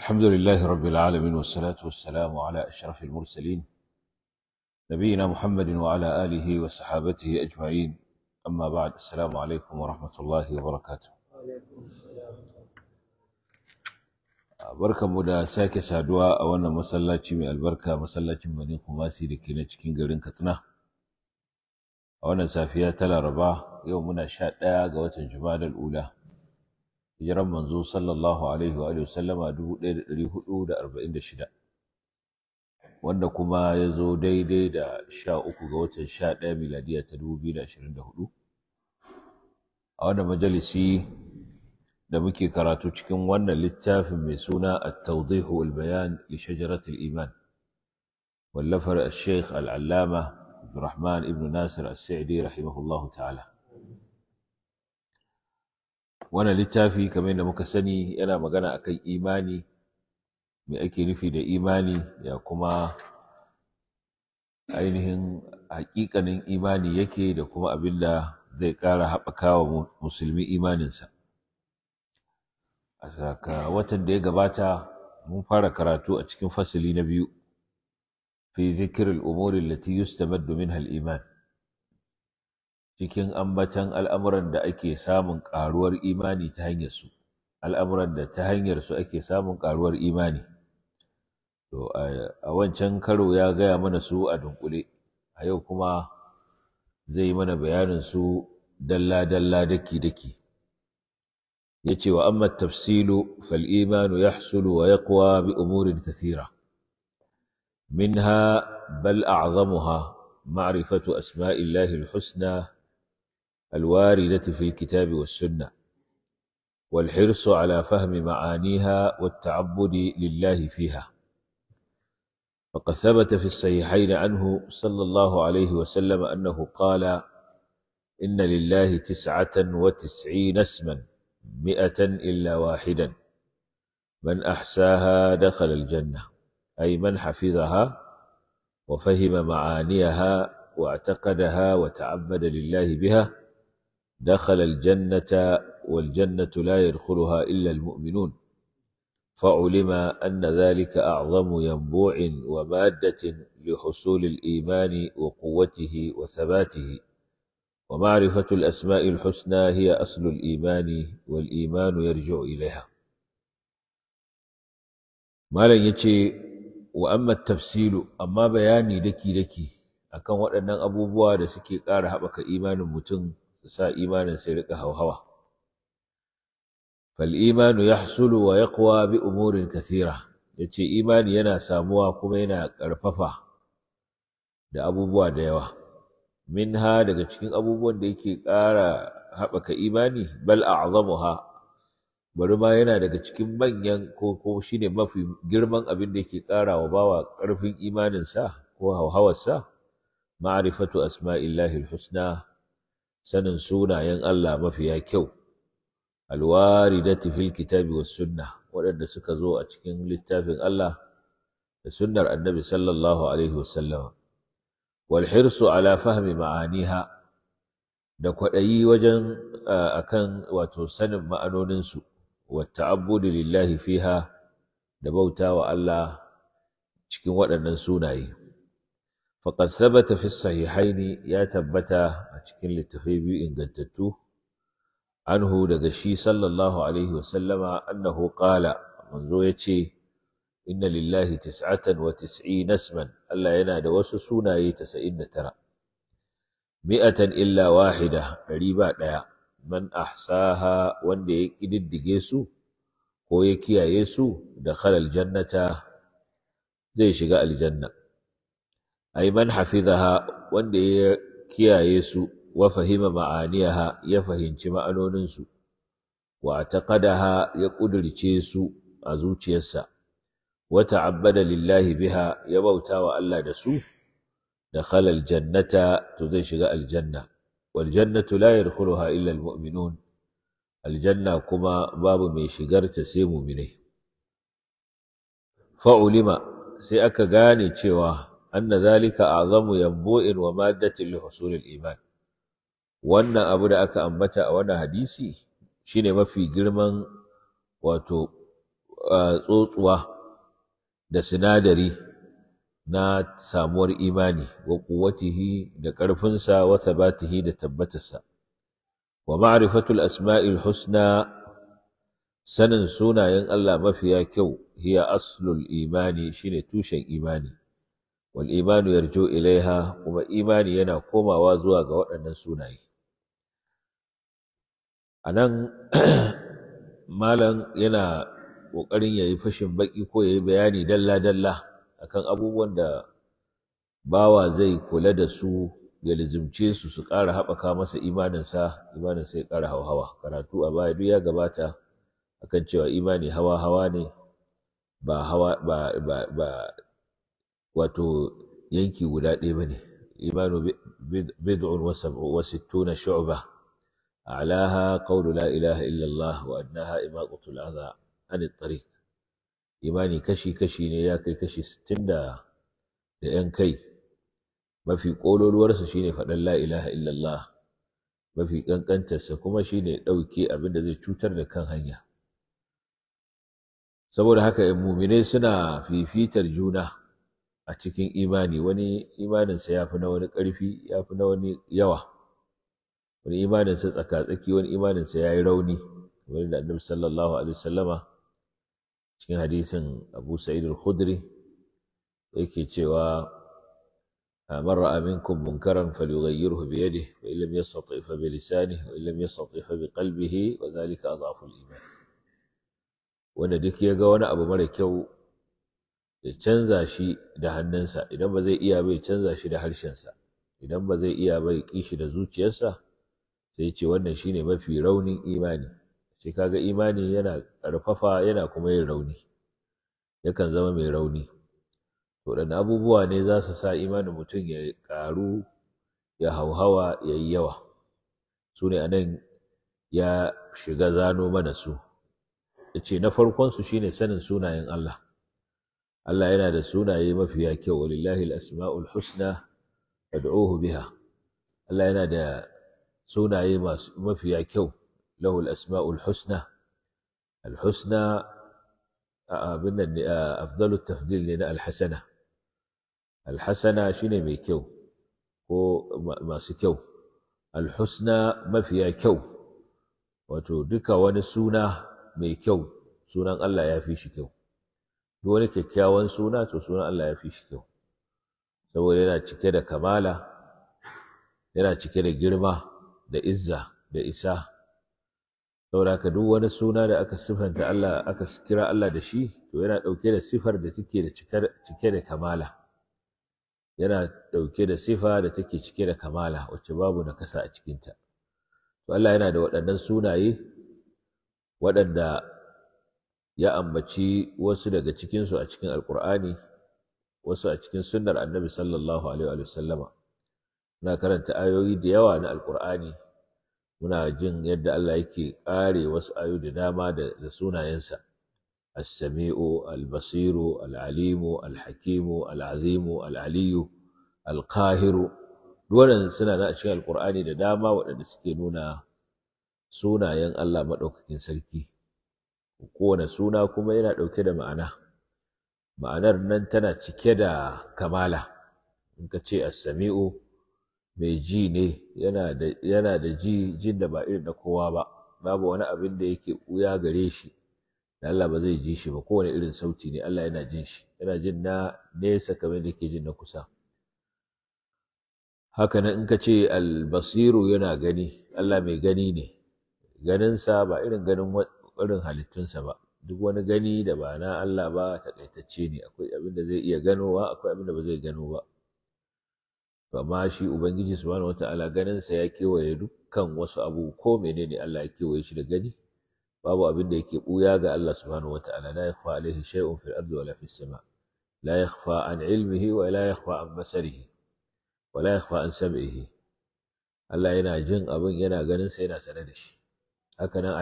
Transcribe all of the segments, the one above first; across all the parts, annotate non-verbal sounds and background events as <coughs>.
الحمد لله رب العالمين والصلاة والسلام على أشرف المرسلين نبينا محمد وعلى آله وصحابته أجمعين أما بعد السلام عليكم ورحمة الله وبركاته barkanmu da sake saduwa a wannan masallaci mai albarka masallacin Bani Kumasi da ke na cikin garin Katsina a wannan safiya ta Laraba yau muna sha ɗaya ga watan Jumadal Ula hijiran manzo sallallahu alaihi wa sallama dubu ɗaya da ɗari hudu da arba'in da shida wanda kuma ya zo daidai da sha uku ga watan sha ɗaya miladiya ta dubu biyu da ashirin da hudu a wannan majalisi da muke karatu cikin wannan littafin mai suna at-tawdih wal bayan li shajarat al-iman wallafar al-shaykh al-allama Abdurrahman ibn Nasir as-Sa'di rahimahullahu ta'ala wannan littafi kamar yadda muka sani yana magana akan imani me ake nufi da imani ya kuma ainihin hakikanin imani yake da kuma abin da zai ƙara haɓaka wa musulmi imaninsa a saka watan da ya gabata mun fara karatu a cikin fasili na biyu fi zikirin umurin lati yustamaddu minha al-iman cikin ambatan al'amuran da ake samun ƙaruwar imani ta hanyar su al'amuran da ta hanyar ake samun ƙaruwar imani to a wancan karo ya gaya mana su a dunkule a yau kuma zai yi mana bayanin su dalla dalla daki daki ya ce wa amma tafsilu fal imanu yahsulu wa ya kuwa bi umurin kathira minha bal ha ma'rifatu asma'illahi al-husna الواردة في الكتاب والسنة والحرص على فهم معانيها والتعبد لله فيها فقد ثبت في الصحيحين عنه صلى الله عليه وسلم أنه قال إن لله تسعة وتسعين اسما مئة إلا واحدا من أحساها دخل الجنة أي من حفظها وفهم معانيها واعتقدها وتعبد لله بها دخل الجنة والجنة لا يدخلها إلا المؤمنون فعلم أن ذلك أعظم ينبوع ومادة لحصول الإيمان وقوته وثباته ومعرفة الأسماء الحسنى هي أصل الإيمان والإيمان يرجع إليها ما لن يتشي وأما التفسير أما بياني لكي لكي أكون وأن أبو بواد سكي قارها بك إيمان متنق su sa imanin sai rika hauhawa fal imanu yahsulu wa yaqwa bi umurin kathira yace imani yana samuwa kuma yana ƙarfafa da abubuwa da yawa Min ha daga cikin abubuwan da yake ƙara haɓaka imani bal a'zamuha bari ma yana daga cikin manyan ko ko shine mafi girman abin da yake ƙara wa bawa ƙarfin imaninsa ko hauhawarsa ma'rifatu asma'illahi husna sanin sunayen Allah mafiya kyau da fil kitabi wa sunna waɗanda suka zo a cikin littafin Allah da sunnar annabi sallallahu alaihi wasallam Walhirsu hirsu ala fahmi ma'aniha da kwaɗayi wajen a kan wato sanin ma'anoninsu Wata Abudu lillahi fiha da bauta wa Allah cikin waɗannan sunaye فقد ثبت في الصحيحين يا تبتا أتكن للتفيبي إن قلتتو عنه لغشي صلى الله عليه وسلم أنه قال منذ يتشي إن لله تسعة وتسعين اسما ألا ينادى وسسونا يتسئن ترى مئة إلا واحدة ريبا ديا من أحساها وندي إدد جيسو ويكيا يسو دخل الجنة زي شقاء الجنة ay man hafizaha wanda ya kiyaye su wa fahima ma'aniyaha ya fahimci ma'anoninsu wa taqadaha ya kudirce su a zuciyarsa Wata ta'abbada lillahi biha ya bauta wa Allah da su dakhala aljannata to zai shiga aljanna Waljannatu jannatu la yadkhuluha illa almu'minun aljanna kuma babu mai shigarta sai mu'minai fa'ulima sai aka gane cewa anna zalika azamu yanbu'in wa maddatin li husulil iman wannan abu da aka ambata a wannan hadisi shine mafi girman wato tsotsuwa da sinadari na samuwar imani wa quwwatihi da ƙarfinsa wa thabatihi da tabbatarsa wa ma'rifatul asma'il husna sanin sunayen Allah mafiya kyau hiya aslul imani shine tushen imani wal imanu yarju ilaiha kuma imani yana komawa zuwa ga waɗannan sunaye a nan <clears throat> malam yana ƙoƙarin ya yi fashin baƙi ko ya yi bayani dalla-dalla akan abubuwan da bawa zai kula da su ya lizimce su su ƙara haɓaka masa imaninsa imanin sai ƙara hauhawa karatu a baya duk ya gabata akan cewa imani hawa-hawa ne ba hawa ba wato yanki guda ɗaya bane imanu bid'un wa sittuna shu'ba a'laha qawlu la ilaha illa Allah wa adnaha imaqatul adha an at-tariq imani kashi kashi ne ya kai kashi 60 da da yan kai mafi kololuwarsa shine faɗan la ilaha illa Allah mafi ƙanƙantarsa kuma shine ɗauke abin da zai cutar da kan hanya saboda haka muminai suna fifitar juna a cikin imani wani imaninsa ya fi na wani ƙarfi ya fi na wani yawa wani imaninsa tsakatsaki wani imaninsa ya yi rauni kamar da annabi sallallahu alaihi wasallama cikin hadisin abu sa'id al-khudri yake cewa man ra'a minkum munkaran falyughayyirhu bi yadihi wa illam yastati' fa bi lisani wa illam yastati' fa bi kalbihi wa dhalika adhafu al-iman wanda duk ya ga wani abu mara kyau ya canza shi da hannunsa idan ba zai iya bai canza shi da harshensa idan ba zai iya bai kishi da zuciyarsa sai ce wannan shine mafi raunin imani shi kaga imani yana ƙarfafa yana kuma yin rauni yakan zama mai rauni waɗanne abubuwa ne za su sa imanin mutum ya ƙaru ya hauhawa ya yi yawa su ne anan ya shiga zano mana su ya ce na farkonsu shine sanin sunayen Allah Allah yana da sunaye mafiya kyau walillahi asmaul husna fad'uhu biha Allah yana da sunaye mafiya kyau lahu al husna al-husna abin nan afdalu tafdil ne na al-hasana al-hasana shine mai kyau ko masu kyau al-husna mafiya kyau wato duka wani suna mai kyau sunan Allah ya fi shi kyau duk wani kyakkyawan suna to sunan Allah ya fi shi kyau saboda yana cike da kamala yana cike da girma da izza da isa saboda ka duk wani suna da aka sifanta Allah aka kira Allah da shi to yana ɗauke da sifar da take da cike da kamala yana ɗauke da sifa da take cike da kamala wacce babu nakasa a cikinta to Allah yana da waɗannan sunaye waɗanda ya ambaci wasu daga cikinsu a cikin alkur'ani wasu a cikin sunnar annabi sallallahu alaihi wa sallama muna karanta ayoyi da yawa na alkur'ani muna jin yadda Allah yake kare wasu ayoyi da dama da sunayensa as-sami'u al-basiru al-alimu al-hakimu al-azimu al-aliyu al-qahiru wannan suna na cikin alkur'ani da dama waɗanda suke nuna sunayen Allah madaukakin sarki kowane suna kuma yana ɗauke da ma'ana ma'anar nan tana cike da kamala in ka ce assami'u mai ji ne yana da ji jin da ba irin na kowa ba babu wani abin da yake ɓuya gare shi da Allah ba zai ji shi ba kowane irin sauti ne Allah yana jin shi yana jin na nesa kamar da yake jin na kusa haka nan in ka ce albasiru yana gani Allah mai gani ne ganinsa ba irin ganin barin halittunsa ba duk wani gani da ba na Allah ba takaitacce ne akwai abin da zai iya ganowa akwai abin da ba zai gano ba amma shi ubangiji subhanahu wata'ala ganin sa ya kewaye dukkan wasu abu ko menene Allah ya kewaye shi da gani babu abin da yake buya ga Allah subhanahu wata'ala la yakhfa alayhi shay'un fil ardi wala fis sama la yakhfa an ilmihi wa la yakhfa an basarihi wa la yakhfa an sam'ihi Allah yana jin abin yana ganin sa yana sane da shi haka nan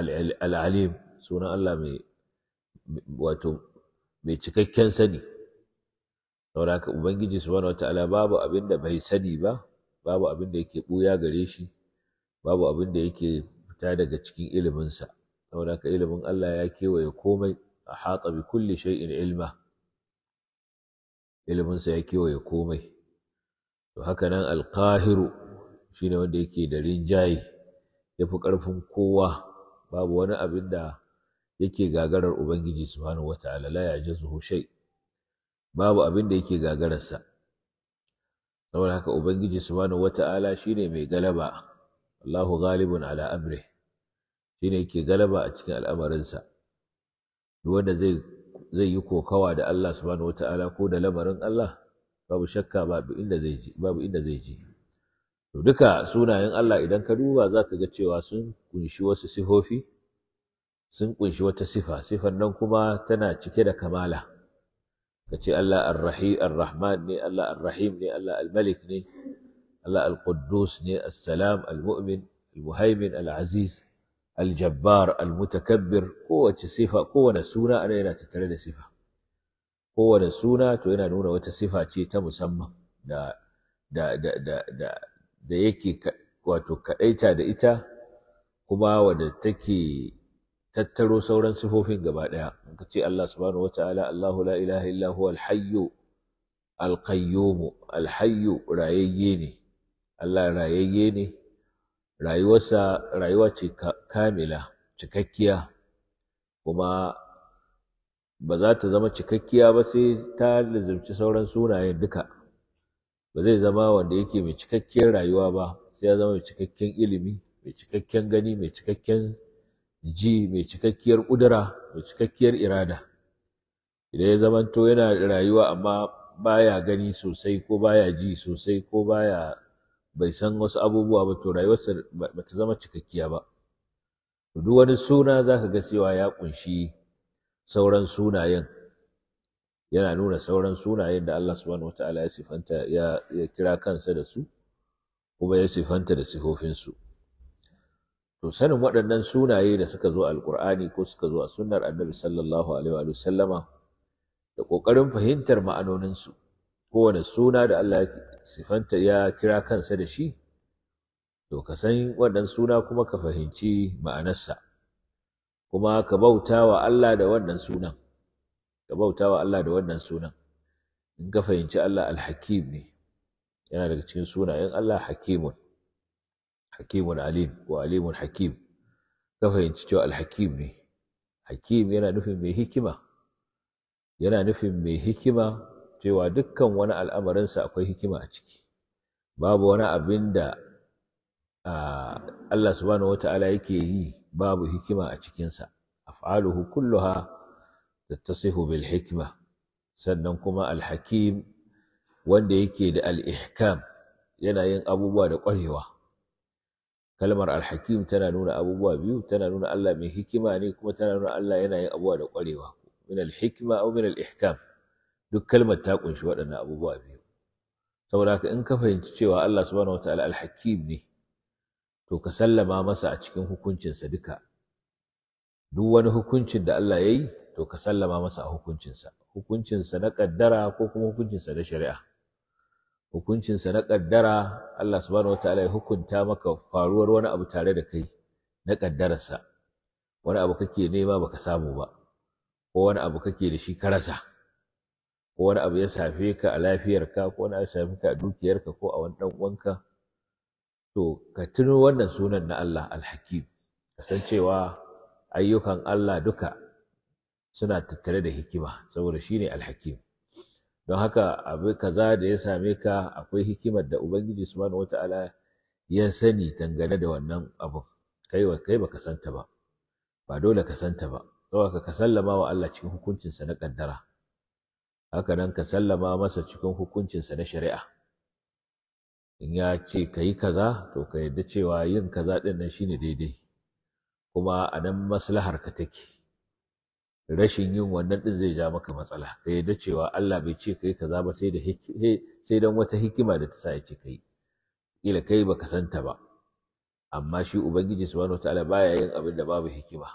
al-alim sunan Allah mai wato mai cikakken sani saboda haka ubangiji subhanahu wataala babu abin da bai sani ba babu abin da yake buya gare shi babu abin da yake fita daga cikin iliminsa saboda haka ilimin Allah ya kewaye komai a haƙa bi kulli shay'in ilma iliminsa ya kewaye komai to haka nan alqahiru shine wanda yake da rinjaye yafi ƙarfin kowa babu wani abin da yake gagarar ubangiji subhanahu ta’ala la yajuzuhu shay babu abin da yake gagararsa saboda haka ubangiji subhanahu wataala shine mai galaba Allahu ghalibun ala amri shine yake galaba a cikin al'amarinsa duk wanda zai yi kokawa da Allah subhanahu ta’ala ko da lamarin Allah babu shakka babu inda zai ji to duka sunayen Allah idan ka duba za ka ga cewa sun kunshi wasu sifofi sun ƙunshi wata sifa sifan nan kuma tana cike da kamala ka ce Allah ar rahman ne Allah ar-rahim ne Allah al-malik ne Allah al-quddus ne as al-mu'min al-muhaimin al-aziz al-jabbar al-mutakabbir kowace sifa kowane suna ana yana tattare da sifa kowane suna to yana nuna wata sifa ce ta musamman da da da da da da yake wato kaɗaita da ita kuma wadda take tattaro sauran sifofin gaba ɗaya in ka ce Allah subhanahu wataala Allahu la ilaha illa huwa alhayyu alqayyumu alhayyu rayayye ne Allah rayayye ne rayuwarsa rayuwa ce kamila cikakkiya kuma ba za ta zama cikakkiya ba sai ta lizimci sauran sunayen duka ba zai zama wanda yake mai cikakkiyar rayuwa ba sai ya zama mai cikakken ilimi mai cikakken gani mai cikakken ji mai cikakkiyar ƙudura mai cikakkiyar irada idan ya zamanto yana rayuwa amma baya gani sosai ko baya ji sosai ko baya bai san wasu abubuwa ba to rayuwarsa ba ta zama cikakkiya ba duk wani suna "Za Ka ga cewa ya ƙunshi sauran sunayen yana nuna sauran sunayen da Allah subhanahu wataala ya sifanta ya kira kansa da su kuma ya sifanta da sifofinsu to sanin waɗannan sunaye da suka zo alƙur'ani ko suka zo a sunnar annabi sallallahu alaihi wa sallama da ƙoƙarin fahimtar ma'anoninsu kowane suna da Allah sifanta ya kira kansa da shi to ka san waɗannan suna kuma ka fahimci ma'anarsa kuma ka bauta wa Allah da wannan sunan ka bauta wa Allah da wannan sunan in ka fahimci Allah alhakim ne yana daga cikin sunayen Allah hakimun hakimun alim ko alimun hakim ka fahimci cewa alhakim ne hakim yana nufin mai hikima yana nufin mai hikima cewa dukkan wani al'amarinsa akwai hikima a ciki babu wani abin da Allah subhanahu wata'ala yake yi babu hikima a cikinsa af'aluhu kulluha tattasihu bil hikma sannan kuma alhakim wanda yake da al'ihkam yana yin abubuwa da ƙwarewa kalmar alhakim tana nuna abubuwa biyu tana nuna Allah mai hikima ne kuma tana nuna Allah yana yin abubuwa da ƙwarewa min alhikma aw min alihkam duk kalmar ta kunshi waɗannan abubuwa biyu saboda haka in ka fahimci cewa Allah subhanahu wataala alhakim ne to ka sallama masa a cikin hukuncinsa duka duk wani hukuncin da Allah ya yi to ka sallama masa a hukuncinsa hukuncinsa na ƙaddara ko kuma hukuncinsa na shari'a hukuncinsa na ƙaddara Allah subhanahu wataala ya hukunta maka faruwar wani abu tare da kai na ƙaddararsa wani abu kake nema baka samu ba ko wani abu kake da shi ka rasa ko wani abu ya safe ka a lafiyarka ko wani abu ya safe ka a dukiyarka ko a wani ɗan uwanka to ka tuno wannan sunan na Allah alhakim ka san cewa ayyukan Allah duka suna tattare da hikima saboda shine alhakim don haka abu kaza da ya same ka akwai hikimar da ubangiji subhanahu wata'ala ya sani dangane da wannan abu kai wa kai baka santa ba ba dole ka santa ba haka ka sallama wa Allah cikin hukuncinsa na kaddara haka nan ka sallama masa cikin hukuncinsa na shari'a in ya ce ka yi kaza to ka yarda cewa yin kaza ɗin nan shine daidai kuma a nan maslahar ka take rashin yin wannan din zai ja maka matsala ka yarda cewa Allah bai ce kai kaza ba sai da dan wata hikima da ta sa ya ce kai kila kai baka santa ba amma shi ubangiji subhanahu wataala baya yin abin da babu hikima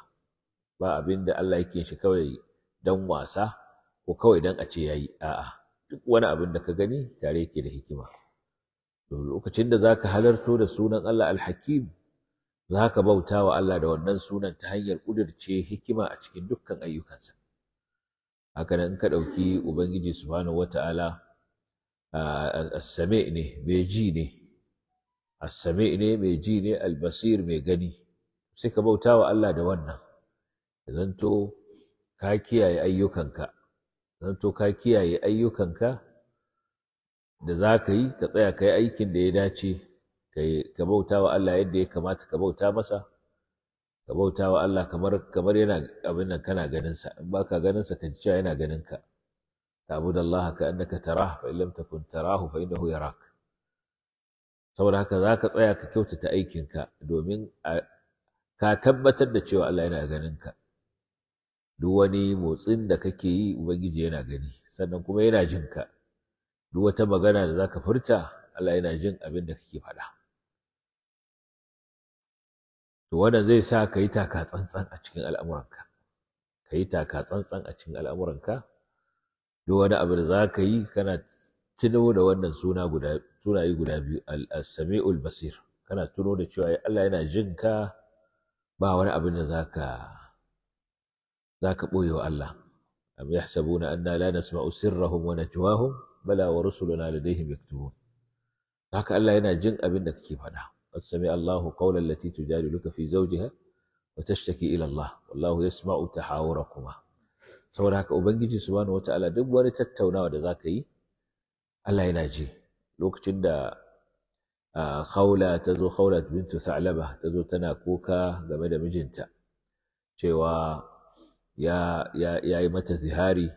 ba abin da Allah yake shi kawai dan wasa ko kawai dan a ce yayi a'a duk wani abin da ka gani tare yake da hikima to lokacin da za ka halarto da sunan Allah Alhakim. za ka bauta wa Allah da wannan sunan ta hanyar ƙudurce hikima a cikin dukkan ayyukansa haka nan ka ɗauki ubangiji subhanahu wata'ala as ne mai ji ne as ne mai ji ne al mai gani sai ka bauta wa Allah da wannan zanto ka kiyaye ayyukanka zanto ka kiyaye ayyukanka da za ka yi ka tsaya ka yi aikin da ya dace ka bauta wa Allah yadda ya kamata ka bauta masa ka bauta wa Allah kamar kamar yana abin nan kana ganin sa in baka ganin sa kan cewa yana ganin ka ta'budu Allah ka annaka tarah fa illam takun tarahu fa innahu yarak saboda haka zaka tsaya ka kyautata aikin ka domin ka tabbatar da cewa Allah yana ganin ka duk wani motsin da kake yi ubangiji yana gani sannan kuma yana jin ka duk wata magana da zaka furta Allah yana jin abin da kake faɗa to wanda zai sa ka yi taka tsantsan a cikin al'amuranka ka yi taka tsantsan a cikin al'amuranka duk wani abu da za ka yi kana tuno da wannan suna guda guda biyu al-sami'ul basir kana tuno da cewa Allah yana jin ka ba wani abin da za ka ɓoye wa Allah am yahsabuna anna la nasma'u sirrahum wa najwahum bala wa rusuluna ladayhim yaktubun haka Allah yana jin abin da kake faɗa قد سمع الله قول التي تجادلك في زوجها وتشتكي Wallahu الله ta يسمع kuma. saboda haka ubangiji subhanahu ala, duk wani tattaunawa da za ka yi Allah yana ji lokacin da khawla ta zo khawla bintu sa'laba ta zo tana kuka game da mijinta cewa ya yi mata zihari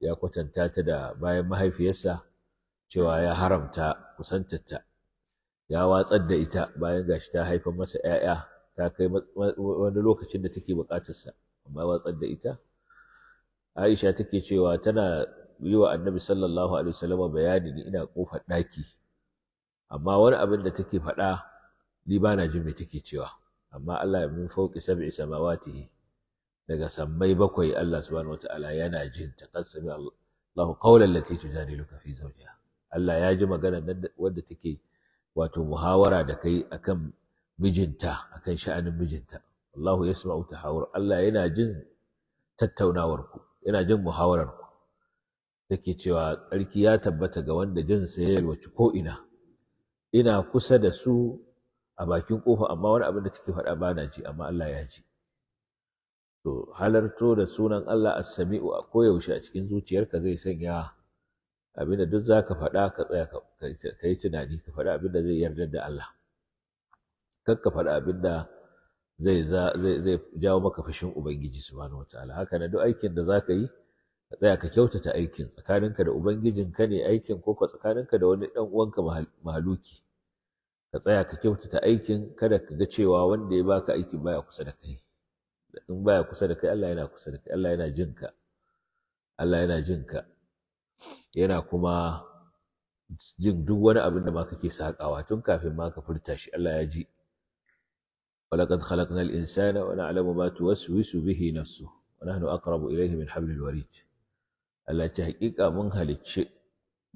ya kwatanta ta da bayan mahaifiyarsa cewa ya haramta kusantarta ya watsar da ita bayan gashi ta haifar masa ‘ya'ya ta kai wani lokacin da take buƙatarsa amma watsar da ita aisha take cewa tana yi wa annabi sallallahu alaihi wasallama bayani ni ina kofa ɗaki amma wani abin da take faɗa ni ba na jin me take cewa amma Allah ya min fauki sab'i samawatihi daga sammai bakwai Allah subhanahu wataala yana jin ta qasami Allah qawlan lati tujadiluka fi zawjiha Allah ya ji maganar nan wanda take wato muhawara da kai akan mijinta akan sha'anin mijinta Allahu yasma'u tahawur Allah yana jin tattaunawar ku yana jin muhawarar ku take cewa tsarki ya tabbata ga wanda jin sa ya yalwaci ko ina ina kusa da su a bakin kofa amma wani abin da take faɗa ba na ji amma Allah ya ji to halarto da sunan Allah as-sami'u a koyaushe a cikin zuciyarka zai sanya abinda duk za ka faɗa ka tsaya ka yi tunani ka faɗa abinda zai yarda da Allah kar ka faɗa abinda zai zai jawo maka fashin ubangiji subhanahu wataala haka na duk aikin da za ka yi ka tsaya ka kyautata aikin tsakaninka da ubangijin ka ne aikin ko ka tsakaninka da wani ɗan uwanka mahaluki ka tsaya ka kyautata aikin kada ka ga cewa wanda ya baka aikin baya kusa da kai in baya kusa da kai Allah yana kusa da kai Allah yana jinka Allah yana jinka yana kuma jin duk wani abin da ma kake saƙawa tun kafin ma ka furta shi Allah ya ji walaqad khalaqnal insana wa na'lamu ma tuwaswisu bihi nafsu wa nahnu aqrabu ilayhi min hablil warid Allah ya ce hakika mun halicci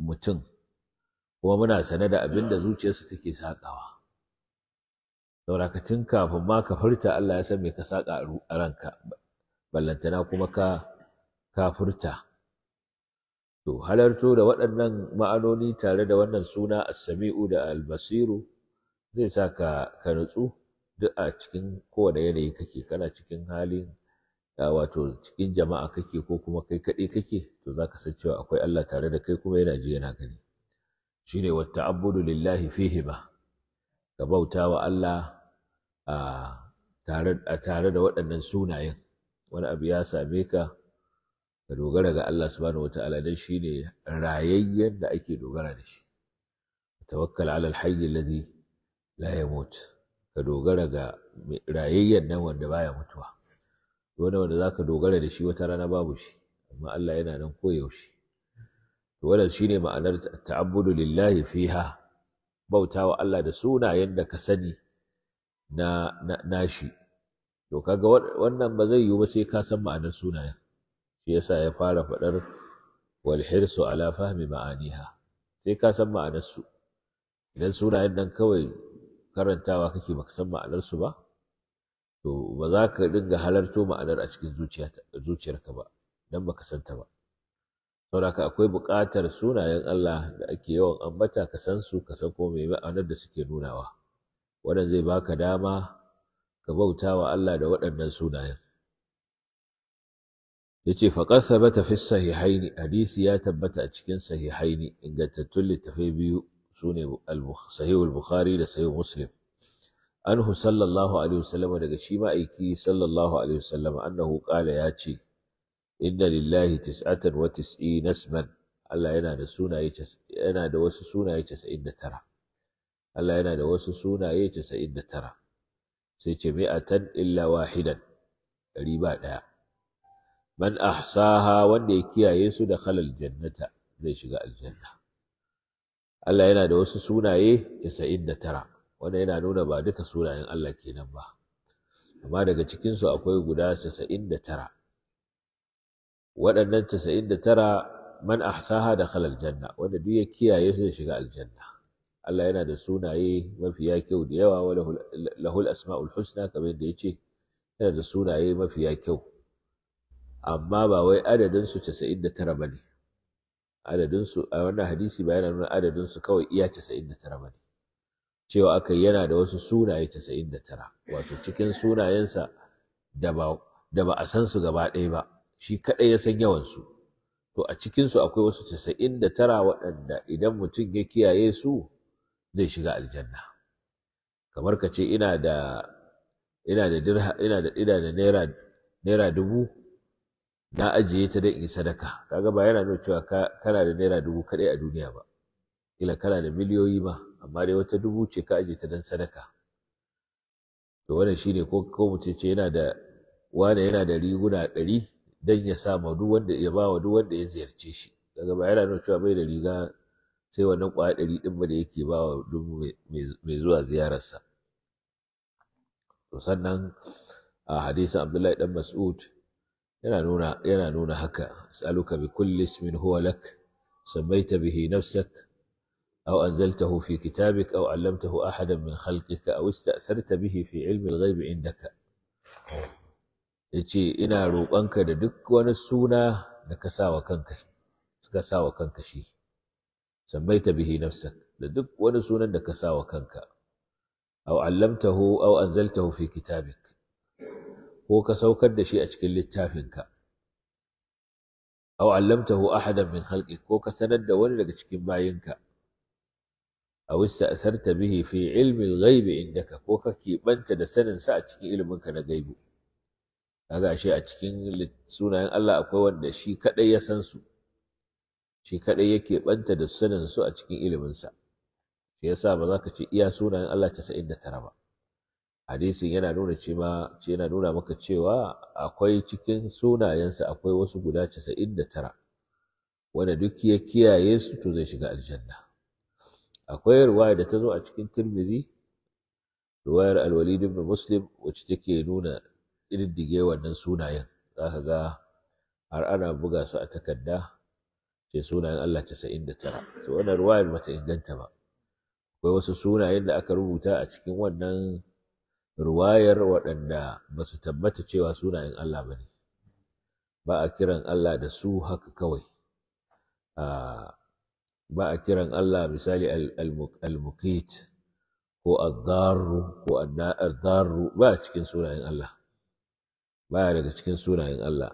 mutum kuma muna sane da abin da zuciyarsa take saƙawa. saboda ka tun kafin ma ka furta Allah ya san me ka saƙa a ranka ballantana kuma ka ka furta to halarto da waɗannan ma'anoni tare da wannan suna a samiu da Albasiru, zai sa ka ka nutsu duk a cikin kowane yanayi kake kana cikin halin wato cikin jama'a kake ko kuma kai kaɗai kake to za ka san cewa akwai Allah tare da kai kuma yana ji yana gani shine wa ta'abbudu lillahi fihi ba ka bauta wa Allah a tare da waɗannan sunayen wani abu ya same ka ka dogara ga Allah subhanahu wata'ala dan shine rayayyen da ake dogara da shi tawakkal ala alhayy alladhi la yamut ka dogara ga rayayyen nan wanda baya mutuwa wanda wanda zaka dogara da shi wata rana babu shi amma Allah yana nan koyaushe to wannan shine ma'anar ta'abbudu lillahi fiha bautawa Allah da sunayen da ka sani na nashi to kaga wannan ba zai yiwu ba sai ka san ma'anar sunayen shi yasa ya fara faɗar walhirsu hirsu ala fahmi ma'aniha sai ka san ma'anarsu idan sunayen nan kawai karantawa kake baka san ma'anarsu ba to ba za ka dinga halarto ma'anar a cikin zuciyarka ba dan baka san ta ba saboda akwai buƙatar sunayen Allah da ake yawan ambata ka san su ka san ko me ma'anar da suke nunawa wannan zai baka dama ka bauta wa Allah da waɗannan sunayen yace faqad thabata fi sahihaini hadisi ya tabbata a cikin sahihaini ingantattun littafai biyu sune sahih al-bukhari da sahih muslim anhu sallallahu alaihi wasallam daga shi ma'aiki sallallahu alaihi wasallam annahu qala ya ce inna lillahi tis'atan wa tis'ina isman Allah yana da sunaye yana da wasu sunaye 99 Allah yana da wasu sunaye 99 sai ce mi'atan illa wahidan ɗari ba ɗaya man ahsaha wanda ya kiyaye su da khalal jannata zai shiga aljanna Allah yana da wasu sunaye 99 wanda yana nuna ba duka sunayen Allah kenan ba amma daga cikin su akwai guda 99 waɗannan 99 man ahsaha da khalal janna wanda duk ya kiyaye su da shiga aljanna Allah yana da sunaye mafiya kyau da yawa wa lahul asma'ul husna kamar yadda yace yana da sunaye mafiya kyau amma ba wai adadinsu casa'in da tara ba ne adadinsu a wannan hadisi ba yana nuna adadinsu kawai iya casa'in da tara ba ne cewa aka yana da wasu sunaye casa'in da tara wato cikin sunayensa da ba a san su gaba ɗaya ba shi kaɗai ya san yawansu to a cikinsu akwai wasu casa'in da tara waɗanda idan mutum ya kiyaye su zai shiga aljanna kamar ka ce ina da ina da naira dubu na ajiye ta don sadaka kaga ba yana nuna cewa kana da naira dubu kaɗai a duniya ba kila kana da miliyoyi ba amma dai wata dubu ce ka ajiye ta dan sadaka to wannan shine ko ko mutum ce yana da wani yana da riguna ɗari don ya sa ma duk wanda ya ba wa duk wanda ya ziyarce shi kaga ba yana nuna cewa bai da riga sai wannan kwaya ɗari ɗin ba da yake ba wa duk mai zuwa ziyararsa to sannan a hadisin Abdullahi dan Mas'ud yana nuna yana nuna haka as'aluka bi kulli ismin huwa lak sammaita bihi nafsak أو أنزلته في كتابك أو علمته أحدا من خلقك أو استأثرت به في علم الغيب عندك yace ina roƙonka da duk wani suna da ka sawa kanka suka sawa kanka shi sammaita bihi nafsak da duk wani sunan da ka sawa kanka aw allamtahu aw anzaltahu fi kitabik ko ka saukar da shi a cikin littafinka aw allamtahu ahadan min khalqik ko ka sanar da wani daga cikin bayinka aw ista'tharta bihi fi ilmin al inda indaka ko ka kibanta da sanin sa a cikin ilminka na gaibu kaga ashe a cikin sunayen Allah akwai wanda shi kadai ya san su shi kadai yake banta da sanin su a cikin iliminsa sa yasa ba za ka ce iya sunayen Allah 99 ba hadisin yana nuna cewa yana nuna maka cewa akwai cikin sunayensa akwai wasu guda casa'in da tara wanda duk ya kiyaye su to zai shiga aljanna akwai ruwaya da ta zo a cikin tirmidhi ruwayar alwalid ibn muslim wacce take nuna ƙididdige wannan sunayen zaka ga har ana buga su a takarda ce sunayen Allah casa'in da tara to wannan ruwayar bata inganta ba akwai wasu sunayen da aka rubuta a cikin wannan ruwayar waɗanda ba su tabbata cewa sunayen Allah ba ne, ba a kiran Allah da su haka kawai, ba a kiran Allah misali al-muqit ko al-darru ko al ba a cikin sunayen Allah, ba daga cikin sunayen Allah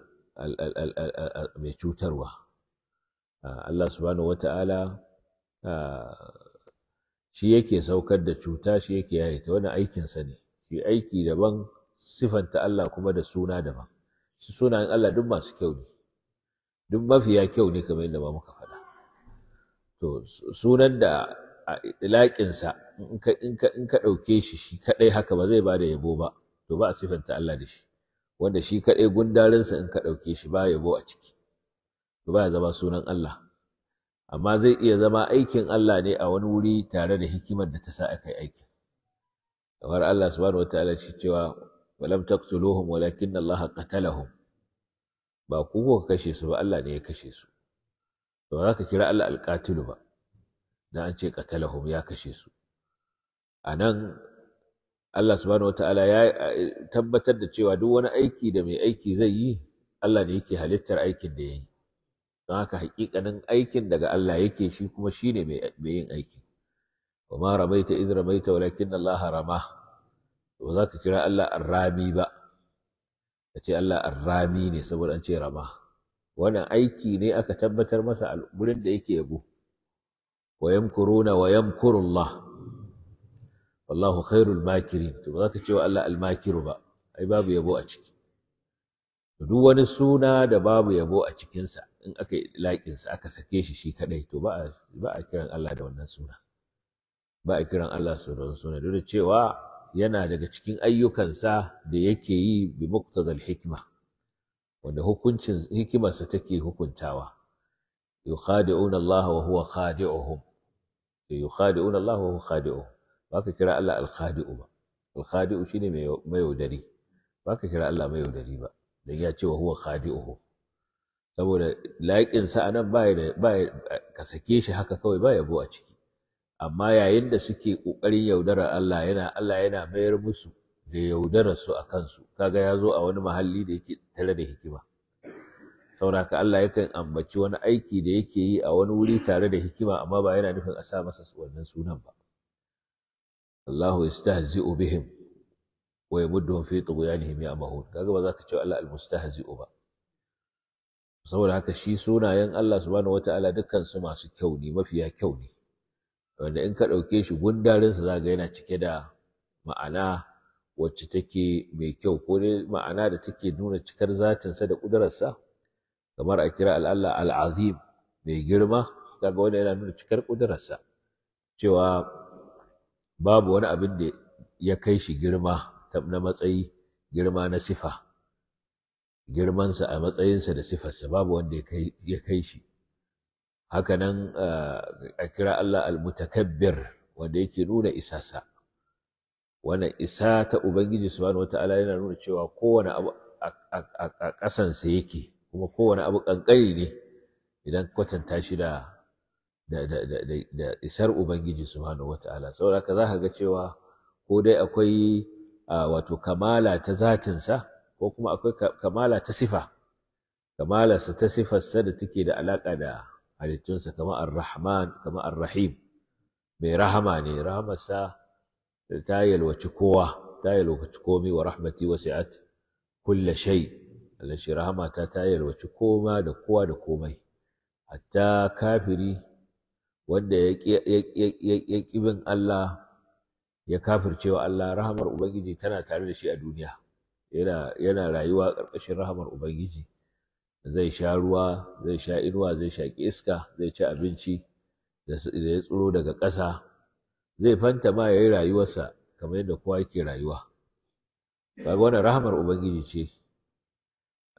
mai cutarwa. Allah subhanahu wa ta'ala shi yake saukar da cuta shi yake yaye ta wani aikinsa ne. shi aiki daban sifanta Allah kuma da suna daban su sunayen Allah duk masu kyau ne duk mafiya kyau ne kamar yadda ba muka faɗa to sunan da a laƙinsa in ka ɗauke shi shi kaɗai haka ba zai ba da yabo ba to ba a sifanta Allah da shi wanda shi kaɗai gundarinsa in ka ɗauke shi ba yabo a ciki to ba ya zama sunan Allah amma zai iya zama aikin Allah ne a wani wuri tare da hikimar da ta sa aka yi aikin kamar Allah subhanahu wataala shi cewa walam taqtuluhum walakinna Allah qatalahum ba ku kuka kashe su ba Allah ne ya kashe su to za ka kira Allah alqatilu ba na an ce qatalahum ya kashe su anan Allah subhanahu wataala ya eh, tabbatar da cewa duk wani aiki da mai aiki zai yi Allah ne yake halittar aikin da ya yi don haka hakikanin aikin daga Allah yake shi kuma shi ne mai yin aiki wa ma ramaita idh ramaita walakin Allah rama to za ka kira Allah arrami ba ka ce Allah arrami ne saboda an ce rama wannan aiki ne aka tabbatar masa gurin da yake yabo wa yamkuruna wa yamkuru Allah wallahu khairul makirin to ba za ka ce wa Allah almakiru ba ai babu yabo a ciki duk wani suna da babu yabo a cikinsa in aka yi laƙinsa aka sake shi shi kaɗai to ba a kiran Allah da wannan suna ba a kiran Allah sunan suna duk da cewa yana daga cikin ayyukansa da yake yi bi muqtadal hikma wanda hukuncin hikimarsa take hukuntawa yukhadi'una Allah wa huwa khadi'uhum yukhadi'una Allah wa huwa khadi'uhum ba ka kira Allah al-khadi'u ba al-khadi'u shine mai yaudari ba ka kira Allah mai yaudari ba dan ya ce wa huwa khadi'uhum saboda laƙinsa a nan ba ka sake shi haka kawai ba bu a ciki amma yayin da suke ƙoƙarin yaudarar Allah yana Allah yana mayar musu da yaudarar su a kansu kaga ya zo a wani mahalli da yake tare da hikima sauraka Allah yakan ambaci wani aiki da yake yi a wani wuri tare da hikima amma ba yana nufin a sa masa wannan sunan ba Allahu yastahzi'u bihim wa yamudduhum fi tughyanihim ya'mahun kaga ba za ka ce Allah almustahzi'u ba saboda haka shi sunayen Allah subhanahu wataala dukkan su masu kyau ne mafiya kyau ne wanda in ka ɗauke shi gundarinsa za ga yana cike da ma'ana wacce take mai kyau ko dai ma'ana da take nuna cikar zatinsa da ƙudurarsa kamar a kira al'alla al'azim mai girma za ga wanda yana nuna cikar ƙudurarsa cewa babu wani abin da ya kai shi girma na matsayi girma na sifa girmansa a matsayinsa da sifarsa babu wanda ya kai shi haka nan eh, a kira Allah al-mutakabbir wanda yake nuna isasa wannan isa ta ubangiji subhanahu wata'ala yana nuna cewa kowane abu a ƙasansa yake kuma kowane abu ƙanƙari ne idan kwatanta shi da isar ubangiji subhanahu wata'ala saboda haka za ka ga cewa ko dai akwai wato kamala ta zatinsa ko kuma akwai kamala ta sifa kamalarsa ta sifarsa da take da alaƙa da halittunsa kamar ar-rahman kamar ar-rahim mai rahama ne rahamarsa ta yalwaci kowa ta yalwaci komai wa rahmati wasi'at kulla shai Allah shi rahamata ta yalwaci koma da kowa da komai hatta kafiri wanda ya ƙi bin Allah ya kafircewa Allah rahamar Ubangiji tana tare da shi a duniya yana rayuwa ƙarƙashin rahamar Ubangiji zai sha ruwa zai sha inuwa zai shaƙi iska zai ci abinci da ya tsiro daga ƙasa zai fanta ma ya yi rayuwarsa kamar yadda kowa yake rayuwa kaga wannan rahamar ubangiji ce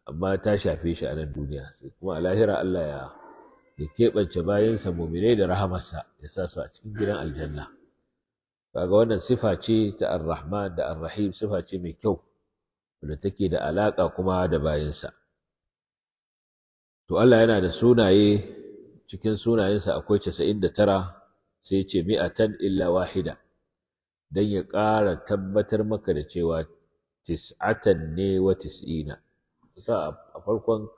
amma ta shafe shi a nan duniya sai kuma a lahira Allah ya ya keɓance bayansa muminai da rahamarsa ya sa su a cikin gidan aljanna kaga wannan sifa ce ta ar da arrahim rahim sifa ce mai kyau wadda take da alaƙa kuma da bayansa to Allah yana da sunaye cikin sunayensa akwai casa'in da tara sai ce mi'atan illa wahida don ya ƙara tabbatar maka da cewa tis'atan ne wa tis'ina sa a farkon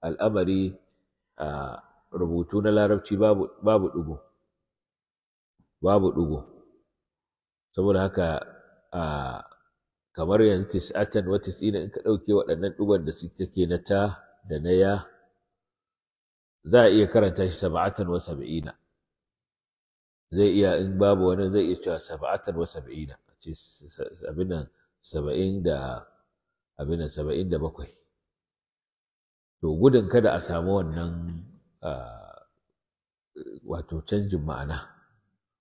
al'amari a rubutu na larabci babu ɗugo babu ɗugo saboda haka a kamar yanzu tis'atan wa tis'ina in ka ɗauke waɗannan ɗugon da suke na ta da na ya za a iya karanta shi saba'atan wa saba'ina zai iya in babu wani zai iya cewa saba'atan wa A ce abin nan saba'in da abin nan saba'in da bakwai to gudun kada a samu wannan wato canjin ma'ana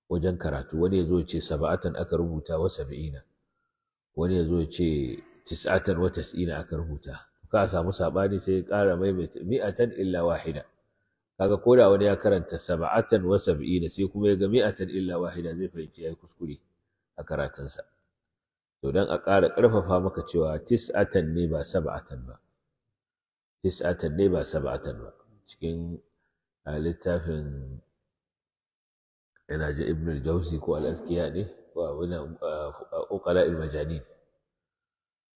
wajen karatu wani ya zo ce saba'atan aka rubuta wa saba'ina wani ya zo ce tis'atan wa tas'ina aka rubuta ka samu saɓani sai ya ƙara maimaita mi'atan illa wahida kaga ko da wani ya karanta sab'atan wa sab'ina sai kuma ya ga mi'atan illa wahida zai fahimci yayi kuskure a karatunsa to dan a ƙara ƙarfafa maka cewa tis'atan ne ba sab'atan ba tis'atan ne ba sab'atan ba cikin ah, littafin yana ji ibn al ko al-azkiya ne wa wani ah, ah, uqala al-majanin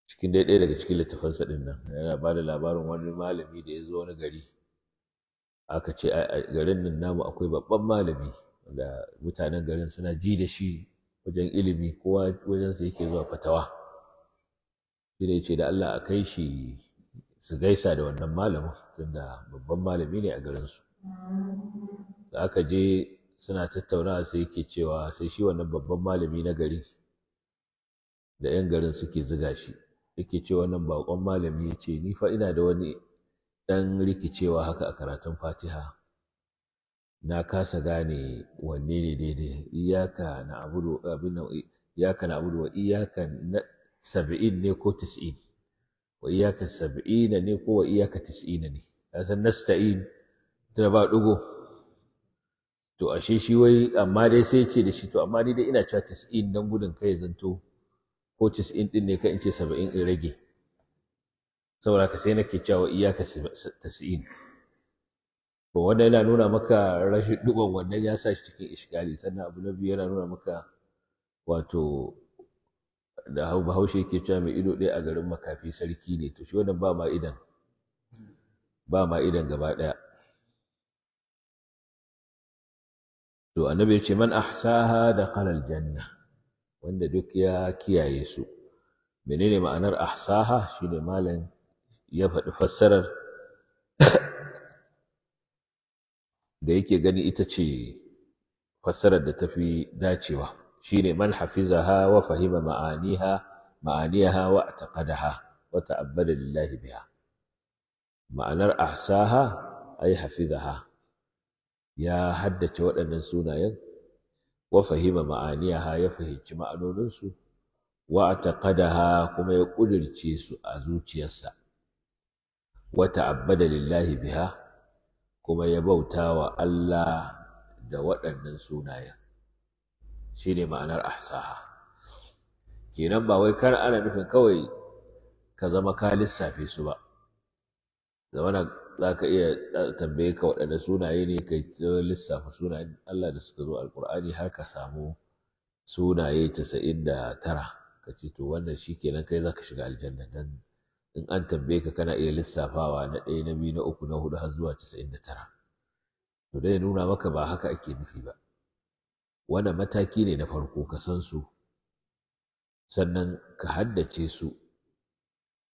cikin daidai daga cikin littafansa ɗin nan yana ba da labarin wani malami da ya zo wani gari aka ce a garin nan namu akwai babban malami da mutanen garin suna ji da shi wajen ilimi kowa wajen sa yake zuwa fatawa shi ne ce da Allah a kai shi su gaisa da wannan malamin tunda babban malami ne a garin su da aka je suna tattaunawa sai yake cewa sai shi wannan babban malami na gari da 'yan garin suke ziga shi yake ce wannan bakon malami ya ce ni fa ina da wani ɗan rikicewa haka a karatun fatiha na kasa gane wanne ne daidai iyaka na abudu abin iyaka na abudu wa iyaka na sab'in ne ko tis'in wa iyaka saba'in ne ko wa iyaka tis'in ne san nasta'in tana ba dugo. to ashe shi wai amma dai sai ce da shi to amma ni dai ina cewa tis'in dan gudun kai zanto ko tis'in din ne ka in ce saba'in in rage saboda ka sai nake cewa iyaka tas'in to wannan yana nuna maka rashin dubon wannan ya sa shi cikin ishkali sannan abu na biyu yana nuna maka wato da bahaushe yake cewa mai ido ɗaya a garin makafi sarki ne to shi wannan ba ma idan ba ma idan gaba ɗaya to annabi ya ce man ahsaha khalal janna, wanda duk ya kiyaye su menene ma'anar ahsaha shine malam ya faɗi fassarar da yake gani ita ce fassarar da ta fi dacewa shine man ha wa fahima ma'aniha ma'aniha wa taqadaha wa ta'abbada lillahi biha ma'anar ahsaha ay hafizaha ya haddace waɗannan sunayen wa fahima ma'aniyaha ya fahimci ma'anoninsu wa taƙadaha kuma ya ƙudirce su a zuciyarsa wata abada lillahi biha kuma ya bauta wa Allah da waɗannan sunayen shine ma'anar ahsaha kenan ba wai kar ana nufin kawai ka zama ka lissafe su ba zamana za ka iya tambaye ka waɗanne sunaye ne kai ka lissafa sunayen Allah da suka zo alkur'ani har ka samu sunaye casa'in da tara ka ce to wannan shi kenan kai za ka shiga aljanna in an tambaye ka kana iya lissafawa na ɗaya na biyu na uku na hudu har zuwa casa'in da tara to dai nuna maka ba haka ake nufi ba Wani mataki ne na farko ka san su sannan ka haddace su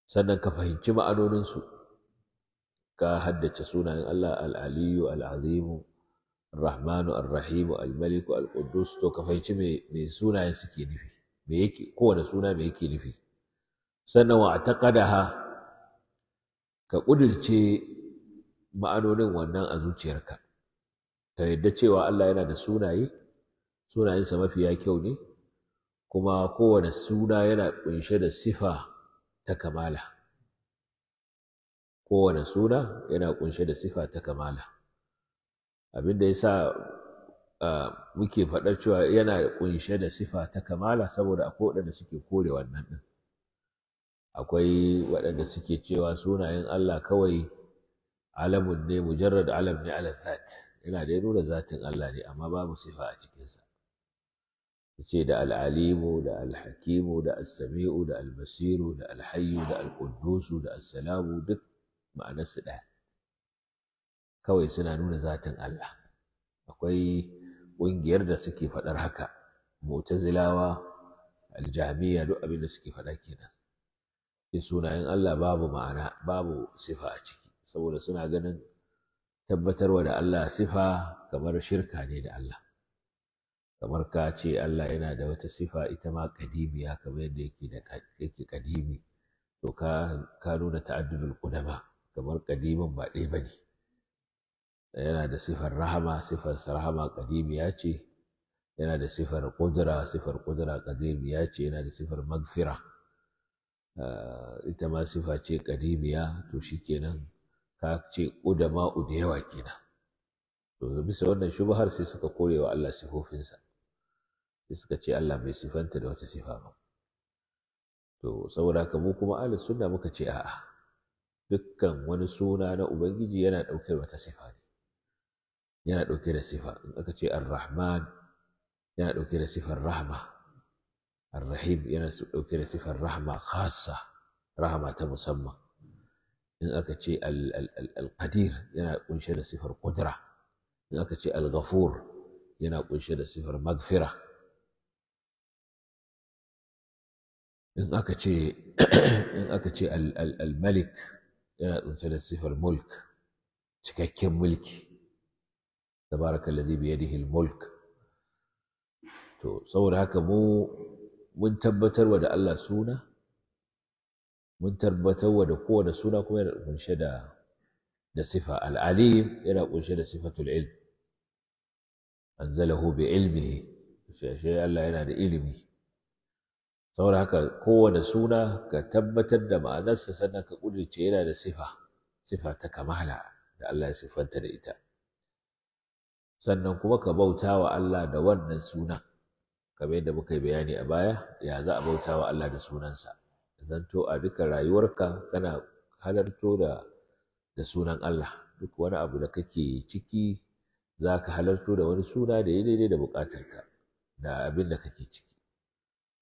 sannan ka fahimci ma'anoninsu ka haddace sunayen Allah al'aliyu al'azimu rahmanu al-rahimu al-maliku al qudus to ka fahimci me sunayen suke nufi kowane suna me yake nufi sannan wa taqadaha ka ƙudirce ma'anonin wannan a zuciyarka ka yadda cewa Allah yana da sunaye sunayensa mafiya kyau ne kuma kowane suna yana ƙunshe da sifa ta kamala kowane suna yana ƙunshe da sifa ta kamala abinda ya sa muke faɗar cewa yana ƙunshe da sifa ta kamala saboda a koɗa waɗanda suke kore wannan ɗin akwai waɗanda suke cewa sunayen Allah kawai alamun ne mujarrad alam ne ala zat yana da nuna zatin Allah ne amma babu sifa a cikinsa ce da al'alimu da alhakimu da al-sami'u da al-basiru da alhayu da al da al-salamu duk ma'anarsu ɗaya kawai suna nuna zatin Allah akwai ƙungiyar da suke faɗar haka mutazilawa aljamiya duk abin da suke faɗa kenan cikin sunayen Allah babu ma'ana babu sifa a ciki saboda suna ganin tabbatarwa da Allah sifa kamar shirka ne da Allah kamar ka ce Allah yana da wata sifa ita ma kadimiya kamar yadda yake da yake kadimi to ka ka nuna ta'addudul qudama kamar kadimin ba ɗaya bane yana da sifar rahama sifar rahama kadimiya ce yana da sifar kudura sifar kudura kadimiya ce yana da sifar magfira Eh, ita ma sifa ce kadimiya to shikenan ka ce udama'u da yawa kenan to bisa wannan shubahar sai suka kore wa Allah sifofinsa sai suka ce Allah bai sifanta da wata sifa ba to saboda haka mu kuma Ali sunna muka ce a'a dukkan wani suna na ubangiji yana da wata sifa ne yana ɗauke da sifa in aka ce ar-rahman yana ɗauke da sifar rahma Ar-Rahim yana ɗauke da sifar rahama khassa rahama ta musamman in aka ce al-Qadir yana kunshe da sifar kudra in aka ce al-Ghafur yana kunshe da sifar magfira in aka ce <coughs> in aka ce al-Malik yana kunshe da sifar mulk cikakken mulki tabarakallazi bi yadihi mulk to saboda haka mu mun wa da Allah suna mun wa da kowane suna kuma yana kunshe da da sifa al'alim yana kunshe da sifatul ilm anzalahu bi ilmihi shi Allah yana da ilimi saboda haka kowane suna ka tabbatar da ma'anarsa sannan ka kudirce yana da sifa sifa ta kamala da Allah ya sifanta da ita sannan kuma ka bauta wa Allah da wannan sunan kamar yadda muka yi bayani a baya ya za a bauta wa Allah da sunansa zanto a duka rayuwarka kana halarto da da sunan Allah duk wani abu da kake ciki za ka halarto da wani suna da ya daidai da bukatarka da abin da kake ciki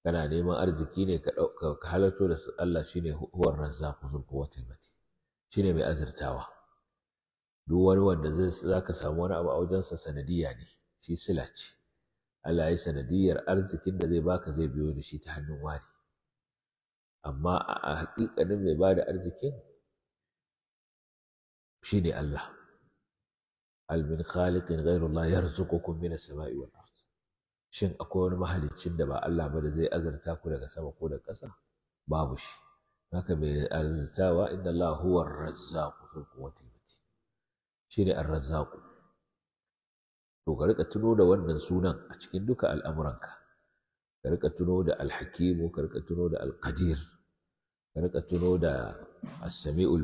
kana neman arziki ne ka halarto da Allah shi ne huwar razzaqu kuwatin mati. Shi ne mai azurtawa duk wani wanda za ka samu wani abu a wajensa sanadiya ne shi sila Allah ya sanadiyar arzikin da zai baka zai biyo da shi ta hannun wani amma a haƙiƙanin mai da arzikin ne Allah al min khaliqin ghayrullah yarzuqukum min as-sama'i wal ard shin akwai wani mahaliccin da ba Allah ba da zai azarta ku daga sama ko daga ƙasa babu shi haka mai arzitawa inda Allah huwa ar-razzaq dhul quwwati Shi ne razzaq to ka rika tuno da wannan sunan a cikin duka al'amuranka ka rika tuno da alhakimu ka rika tuno da alqadir ka rika tuno da as-sami'ul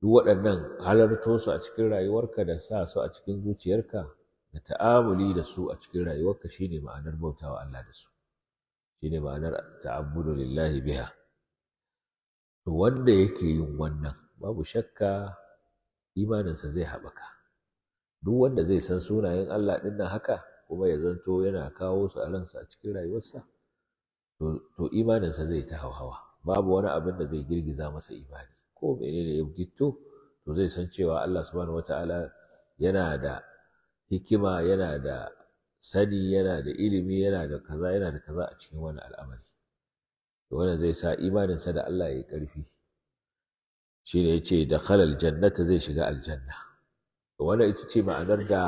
duk waɗannan halarto su a cikin rayuwarka da sa su a cikin zuciyarka da ta'amuli da su a cikin rayuwarka shine ma'anar bautawa Allah da su shine ma'anar ta'abbudu lillahi biha to wanda yake yin wannan babu shakka imaninsa zai haɓaka duk wanda zai san sunayen Allah ɗin nan haka kuma ya zanto yana kawo su a ransa a cikin rayuwarsa to imaninsa zai ta hauhawa babu wani abin da zai girgiza masa imani ko menene ya gitto to zai san cewa Allah subhanahu wataala yana da hikima yana da sani yana da ilimi yana da kaza yana da kaza a cikin wani al'amari to wannan zai sa imaninsa da Allah ya yi ƙarfi shi ne ya ce da khalal jannata zai shiga aljanna wannan ita ce ma'anar da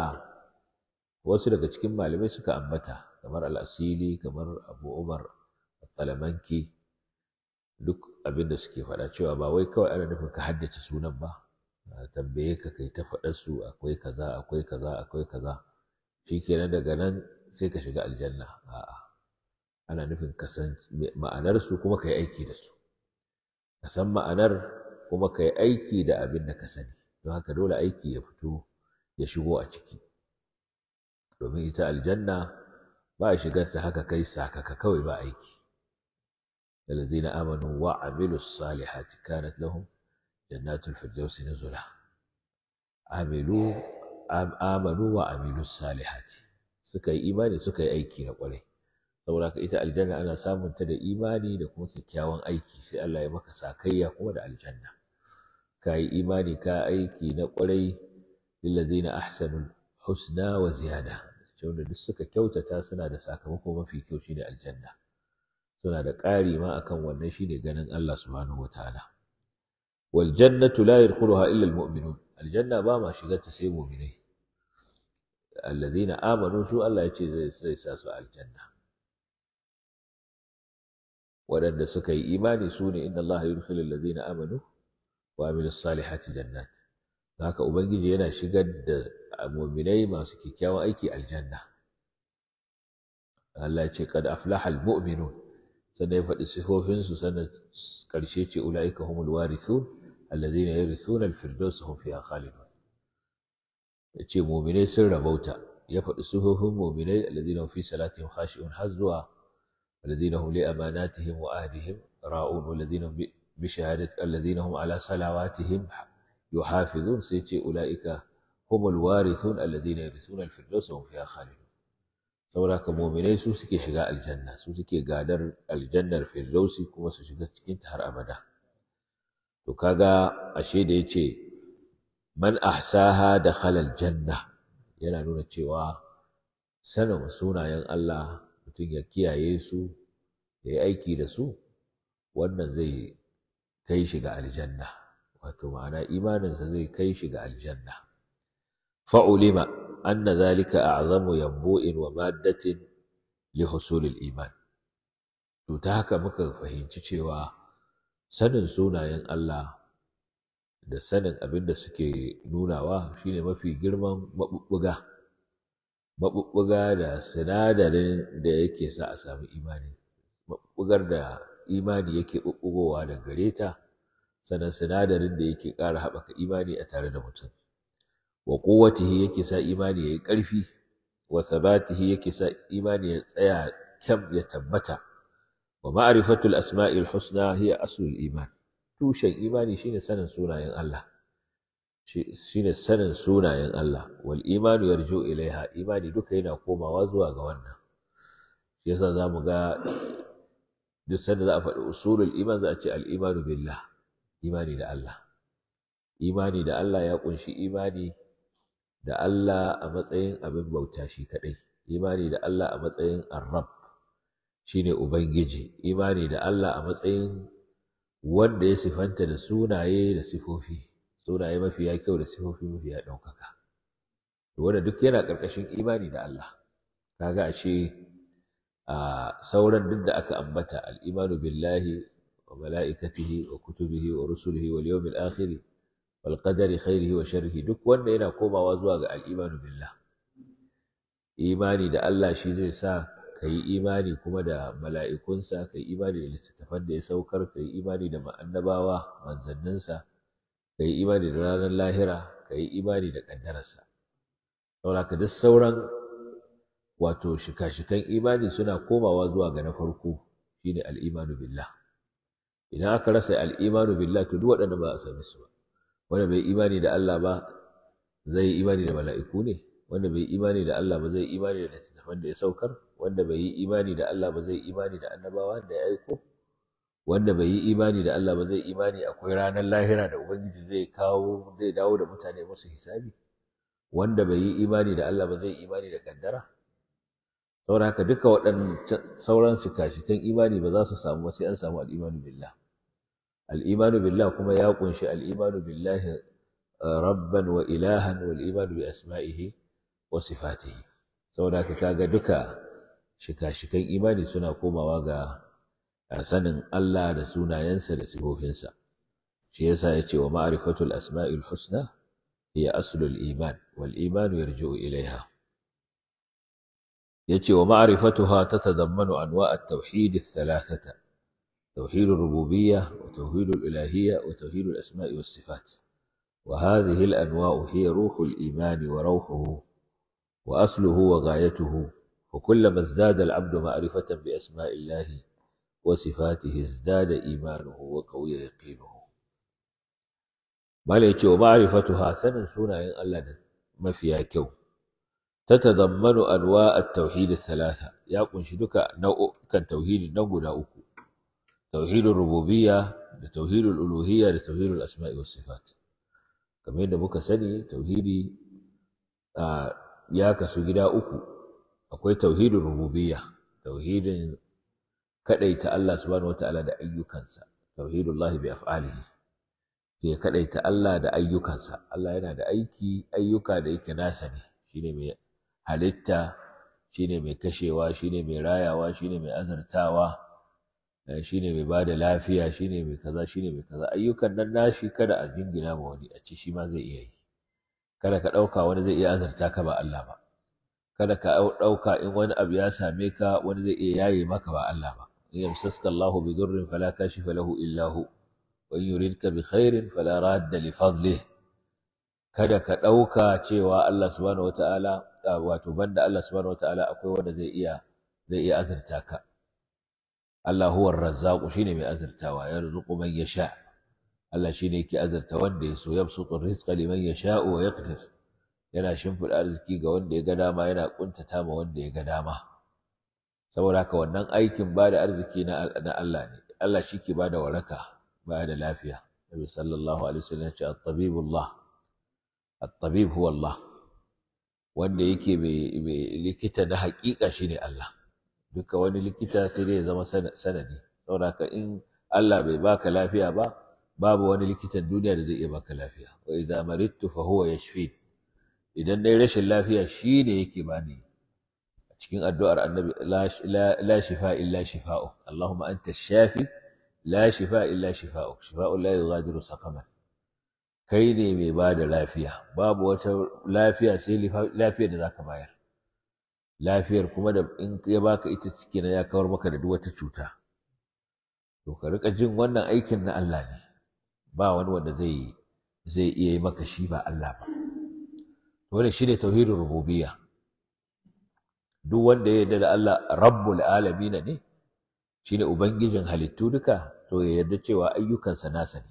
wasu daga cikin malamai suka ambata kamar al'asili kamar abu umar talamanki duk abinda suke faɗa cewa ba wai kawai ana nufin ka haddace sunan ba tambaye ka kai ta faɗa su akwai kaza akwai kaza akwai kaza Shi shikenan daga nan sai ka shiga aljanna a'a ana nufin ka san ma'anar su kuma ka yi aiki da su ka san ma'anar kuma ka yi aiki da abin da ka sani don haka dole aiki ya fito ya shigo a ciki domin ita aljanna ba a shigarta haka kai sakaka kawai ba aiki wa الذين Salihati kanat الصالحات jannatul لهم جنات الفردوس نزلا عملوا wa وعملوا Salihati suka yi imani suka yi aiki na kwarai saboda ka ita aljanna ana samunta da imani da kuma kyakkyawan aiki sai Allah ya maka sakayya kuma da aljanna ka yi imani ka aiki na ƙwarai lillazina ahsanul husna wa ziyada wanda duk suka kyautata suna da sakamako mafi kyau shine aljanna suna da ƙari ma akan wannan shine ganin Allah subhanahu wataala wal jannatu la yadkhuluha illa al mu'minun aljanna ba ma shiga ta sai mu'minai alladhina amanu su Allah ya ce zai sa su aljanna waɗanda suka yi imani su ne inna Allah rufe alladhina amanu wa amilus salihati jannat haka ubangiji yana shigar da mu'minai masu kyakkyawan aiki aljanna Allah ya ce kad aflahal muminu. sannan ya faɗi sifofin su sannan karshe ce ulaika humul warithun alladhina yarithuna al-firdaus hum fiha khalidun ya ce muminai sun rabauta ya faɗi sufofin muminai alladina fi salatihim khashi'un har bi shahadat alladhina hum ala salawatihim yuhafizun sai ce ulaika humul warithun alladhina yarithuna al-firdaus wa hum fiha khalidun saboda ka mu'minai su suke shiga aljanna su suke gadar aljannar firdausi kuma su shiga cikin ta har abada to kaga ashe da yace man ahsaha dakhala janna yana nuna cewa sanin sunayen Allah mutum ya kiyaye su ya yi aiki da su wannan zai kai shi ga aljanna wato ma'ana imaninsa zai kai shi ga aljanna fa'ulima anna zalika a'zamu yanbu'in wa maddatin li husulil iman to ta haka muka fahimci cewa sanin sunayen Allah da sanin abin da suke nunawa shine mafi girman maɓuɓɓuga maɓuɓɓuga da sinadarin da yake sa a sami imani maɓuɓɓugar da imani yake ɓuɓɓugowa daga gare ta sannan sinadarin da yake ƙara haɓaka imani a tare da mutum wa quwwatihi yake sa imani yayi ƙarfi wa thabatihi yake sa imani ya tsaya kyam ya tabbata wa ma'arifatul asma'il husna hiya aslul iman tushen imani shine sanin sunayen Allah shine sanin sunayen Allah wal imanu yarju ilaiha imani duka yana komawa zuwa ga wannan yasa zamu ga duk sanda za a faɗi usulul iman za a ce al'imanu billah imani da Allah imani da Allah ya kunshi imani da Allah a matsayin abin bauta shi kaɗai. imani da Allah a matsayin ar shi shine ubangiji imani da Allah a matsayin wanda ya sifanta da sunaye da sifofi sunaye mafiya kyau da sifofi mafiya ɗaukaka wanda duk yana ƙarƙashin imani da Allah kaga ashe A sauran duk da aka ambata al'imanu billahi wa mala'ikatihi wa kutubihi wa rusulihi wa liyomin akhiri, wa alƙadari, khairihi wa sharhi, duk wanda yana komawa zuwa ga al'imanu billah imani da Allah shi zai sa ka yi imani kuma da mala'ikunsa ka yi imani da littattafan da ya saukar ka yi imani da ma’annabawa manzanninsa ka yi imani da ranar lahira ka yi imani da ƙaddararsa sauraka duk sauran wato shika-shikan imani suna komawa zuwa ga na farko shine al'imanu billah idan aka rasa al'imanu billah to duk waɗanda ba a same su ba wanda bai imani da Allah ba zai imani da mala'iku ne wanda bai imani da Allah ba zai imani da littattafan da ya saukar wanda bai yi imani da Allah ba zai imani da annabawa da ya aiko wanda bai yi imani da Allah ba zai imani akwai ranar lahira da ubangiji zai kawo zai dawo da mutane musu hisabi wanda bai yi imani da Allah ba zai imani da kaddara saboda haka duka waɗannan sauran shikashikan imani ba za su samu ba sai an samu al'imanu billah al'imanu billah kuma ya kunshi al'imanu billahi eh, rabban wa ilahan wal imanu bi asma'ihi wa sifatihi saboda haka kaga duka shikashikan imani suna komawa ga eh, sanin Allah da sunayensa da sifofinsa shi yasa yace wa ma'rifatul asma'il husna hiya aslul iman wal imanu yarji'u ilaiha يجي ومعرفتها تتضمن أنواع التوحيد الثلاثة توحيد الربوبية وتوحيد الإلهية وتوحيد الأسماء والصفات وهذه الأنواع هي روح الإيمان وروحه وأصله وغايته وكلما ازداد العبد معرفة بأسماء الله وصفاته ازداد إيمانه وقوي يقينه ما ليتي ومعرفتها سنن سنة إن الله ما فيها كون tatadammanu anwa at-tauhid thalatha ya kunshi duka nau'ukan tauhidi nan guda uku Tauhidin rububiyya da tauhidul uluhiyya da tauhidul asma'i was sifat kamar yadda muka sani tauhidi ya kasu gida uku akwai Tauhidin rububiyya tauhidin kadaita Allah subhanahu wataala da ayyukansa tauhidullah bi af'alihi ke kadaita Allah da ayyukansa Allah yana da aiki ayyuka da yake nasa ne shine mai halitta shine mai kashewa shine mai rayawa shine mai azartawa eh, shine mai bada lafiya shine mai kaza shine mai kaza ayyukan nan nashi kada a jingina ma wani a ci shi ma zai iya yi kada ka ɗauka wani zai iya azarta ka ba Allah ba kada ka ɗauka in wani abu ya same ka wani zai iya yaye maka ba Allah ba in yamsaska Allahu bi durrin fala kashifa lahu illa hu wa yuridka bi khairin fala radda li kada ka ɗauka cewa Allah subhanahu wata'ala wato banda Allah subhanahu wataala akwai wanda zai iya zai iya azurta ka Allah huwa razzaqu shine mai azurtawa yarzuqu man yasha Allah shine yake azurta wanda ya so yabsutu rizqa liman yasha wa yaqdir yana shimfiɗa arziki ga wanda ya ga dama yana kuntata ma wanda ya ga dama saboda haka wannan aikin ba da arziki na Allah ne Allah shi ke waraka ba da lafiya Nabi sallallahu alaihi wasallam ya ce at-tabibullah at-tabib huwa Allah wanda yake mai likita na hakika shi ne Allah duka wani likita sai dai ya zama sanadi saboda in Allah bai baka lafiya ba babu wani likitan duniya da zai iya baka lafiya wa idza maridtu fa huwa yashfin idan dai rashin lafiya shi ne yake bani cikin addu'ar annabi la shifa illa shifa'u Allahumma anta shafi la shifa illa shifa'u shifa'u la yughadiru saqaman kai ne mai ba da lafiya babu wata lafiya sai lafiyar da za ka bayar lafiyar kuma da in ya baka ita ciki na ya kawar maka da duk wata cuta to ka rika jin wannan aikin na Allah ne ba wani wanda zai zai iya yi maka shi ba Allah ba wannan shine tauhidin rububiyya duk wanda ya yarda da Allah rabbul alamin ne shine ubangijin halittu duka to ya yarda cewa ayyukansa nasa ne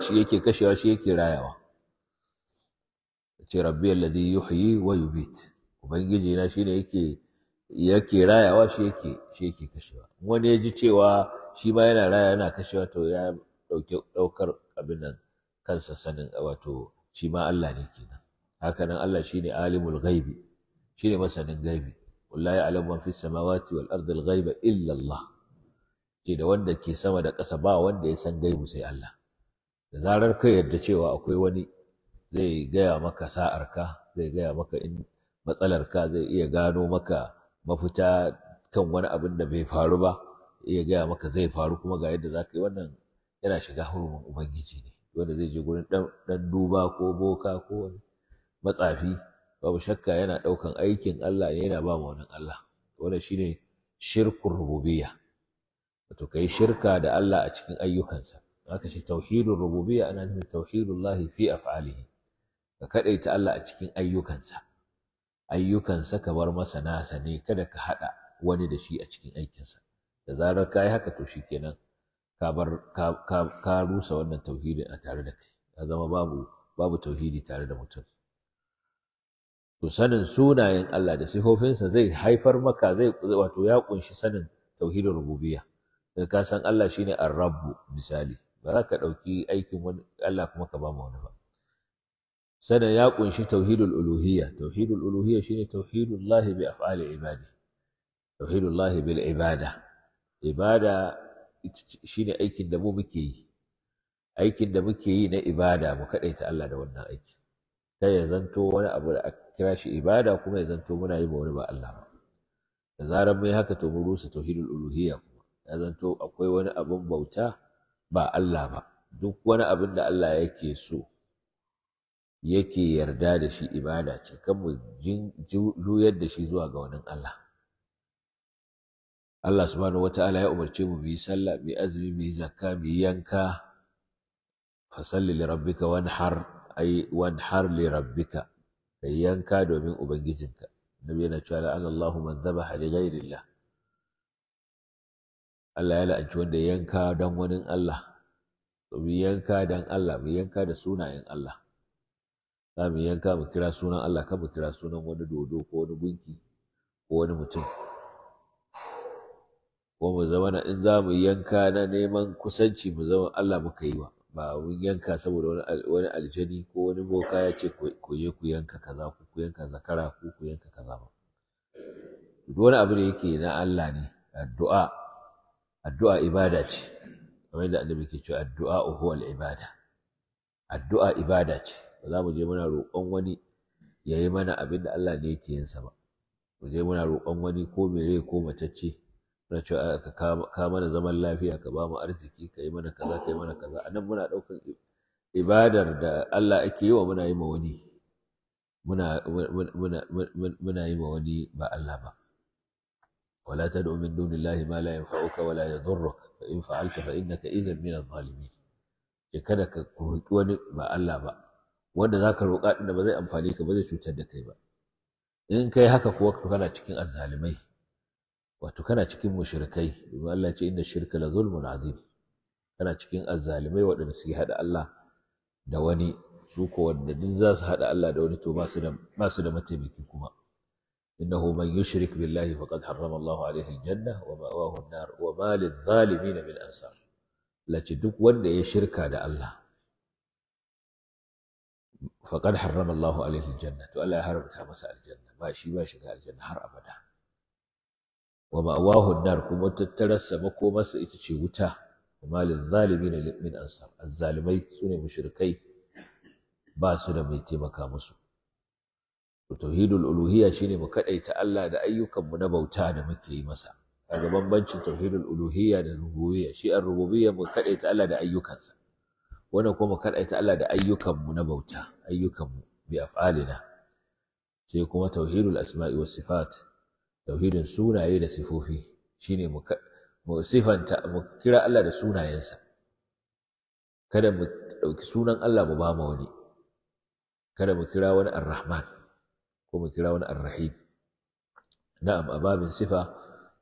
shi yake kashewa shi yake rayawa ce rabbi alladhi yuhyi wa yubit ubangiji na shine yake yake rayawa shi yake shi yake kashewa wani ya ji cewa shi ma yana raya yana kashewa to ya dauke daukar abin nan kansa sanin wato shi ma Allah ne kenan haka nan Allah shine alimul ghaibi shine masanin ghaibi wallahi alamu man fis samawati wal ardi al ghaiba illa Allah ke da wanda ke sama da ƙasa ba wanda ya san gaibu sai Allah da zarar ka yarda cewa akwai wani zai gaya maka sa'arka zai gaya maka in matsalarka zai iya gano maka mafita kan wani abin da bai faru ba iya gaya maka zai faru kuma ga yadda za ka yi wannan yana shiga hurumin ubangiji ne wanda zai je gurin ɗan duba ko boka ko wani matsafi babu shakka yana ɗaukan aikin Allah ne yana ba wannan Allah wannan shine shirkun rububiyya wato kai shirka da Allah a cikin ayyukansa aka ce tauhidul rububiyya ana nufin tauhidullahi fi af'alihi ka kadaita Allah a cikin ayyukansa ayyukansa ka bar masa nasa ne kada ka hada wani da shi a cikin aikinsa da zarar ka yi haka to shikenan ka bar ka rusa wannan tauhidin a tare da kai ya zama babu babu tauhidi tare da mutum to sanin sunayen Allah da sifofinsa zai haifar maka zai wato ya kunshi sanin tauhidin rububiyya da ka san Allah shine ar-rabbu misali ba za ka ɗauki aikin wani Allah kuma ka ba ma wani ba sannan ya kunshi tauhidul uluhiyya tauhidul uluhiyya shine tauhidul lahi bi af'ali ibadi tauhidul lahi bil ibada ibada shine aikin da mu muke yi aikin da muke yi na ibada mu kadaita Allah da wannan aiki Ta ya zanto wani abu da aka kira shi ibada kuma ya zanto muna yi ba wani ba Allah ba da zarar mai haka to mu rusa tauhidul uluhiyya kuma ya zanto akwai wani abun bauta ba Allah ba duk wani abin da Allah yake so yake yarda da shi ibada ce kan mu juyar da shi zuwa ga wani Allah Allah subhanahu wata'ala ya umarce mu bi sallah bi azumi bi zakka bi yanka fasalli li rabbika wanhar ay wanhar li rabbika kai yanka domin ubangijinka nabi yana cewa la'ana Allahu man dhabaha li ghayrillah Allah ya la'anci wanda yanka don wani Allah mu yanka don Allah mu yanka da sunayen Allah za mu yanka mu kira sunan Allah kan mu kira sunan wani dodo ko wani gunki ko wani mutum ko mu zama in za mu yanka na neman kusanci mu zama Allah muka yi wa ba mun yanka saboda wani aljani ko wani boka ya ce ku je ku yanka kaza ku ku yanka zakara ku ku yanka kaza ba duk wani abu da yake na Allah ne addu'a addu'a ibada ce kamar yadda annabi ke cewa addu'a huwa ibada addu'a ibada ce ba za mu je muna roƙon wani ya yi mana abin da Allah ne yake yin sa ba mu je muna roƙon wani ko rai ko matacce na cewa ka mana zaman lafiya ka ba mu arziki ka yi mana kaza ka yi mana kaza a nan muna ɗaukar ibadar da Allah ake yi wa muna yi ma wani muna yi ma wani ba Allah ba ولا تدع من دون الله ما لا ينفعك ولا يضرك فإن فعلت فإنك إذا من الظالمين kada ka roƙi wani ba Allah ba wanda za ka roƙa ɗin da ba zai amfani ka ba zai cutar da kai ba in kai haka kuwa kana cikin azzalimai wato kana cikin mushrikai domin Allah ce inda shirka la zulmun azim kana cikin azzalimai waɗanda suke haɗa Allah da wani su ko wanda duk za su haɗa Allah da wani to ba su da mataimaki kuma إنه من يشرك بالله فقد حرم الله عليه الجنة ومأواه النار وما للظالمين من أنصار التي دك وند يشرك هذا الله فقد حرم الله عليه الجنة ولا حرمتها مساء الجنة ما شي ما شكا الجنة هر أبدا ومأواه النار كما تترس مكومس إتشي وتا وما للظالمين من أنصار الظالمين سنة مشركي باسنا ميتي مكامسو tauhidul uluhiyya shine mu kadaita Allah da ayyukanmu na bauta da muke yi masa kaga bambancin tauhidul uluhiyya da rububiyya shi an rububiyya mu kadaita Allah da ayyukansa wannan kuma mu kadaita Allah da ayyukanmu na bauta ayyukanmu mu bi af'alina sai kuma tauhidul asma'i was sifat tauhidin sunaye da sifofi shine mu mu sifanta mu kira Allah da sunayensa kada mu ɗauki sunan Allah mu ba ma wani kada mu kira wani ar-rahman ko mu kira wani arrahim na'am a babin sifa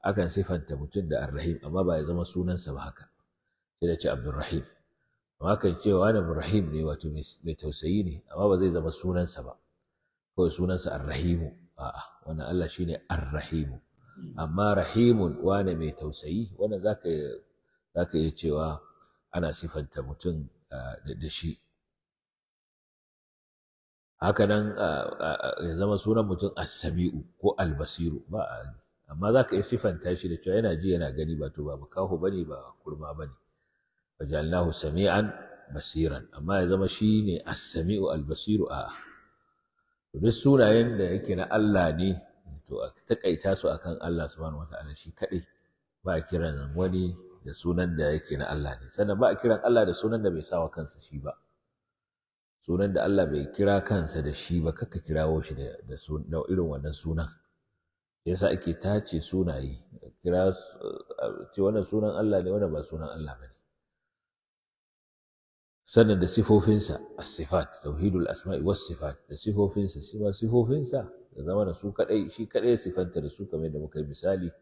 akan sifanta mutum da arrahim amma ba ya zama sunansa ba haka sai da ce abdurrahim amma kan ce wa wani rahim ne wato mai tausayi ne amma ba zai zama sunansa ba kawai sunansa arrahimu a'a wannan Allah shine arrahimu amma rahimun wane mai tausayi wannan zaka zaka iya cewa ana sifanta mutum eh, da shi haka nan ya zama sunan mutum as-sami'u ko albasiru. basiru ba amma za ka iya sifanta shi da cewa yana ji yana gani ba to ba makahu ba ne ba kurma ba ne wajalnahu sami'an basiran amma ya zama shi ne as-sami'u al a sunayen da yake na Allah ne to a takaita su akan Allah subhanahu wata'ala shi kaɗai, ba a kiran wani da sunan da yake na Allah ne sannan ba a kiran Allah da sunan da bai sawa kansa shi ba sunan da Allah bai kira kansa da shi ba kaka kirawo shi da irin wannan sunan yasa ake tace sunaye kira ce wannan sunan Allah ne wannan ba sunan Allah bane sannan da sifofinsa as-sifat tauhidul asma'i was sifat da sifofinsa shi ma sifofinsa da zama da su kadai shi kadai sifanta da su kamar da muka yi misali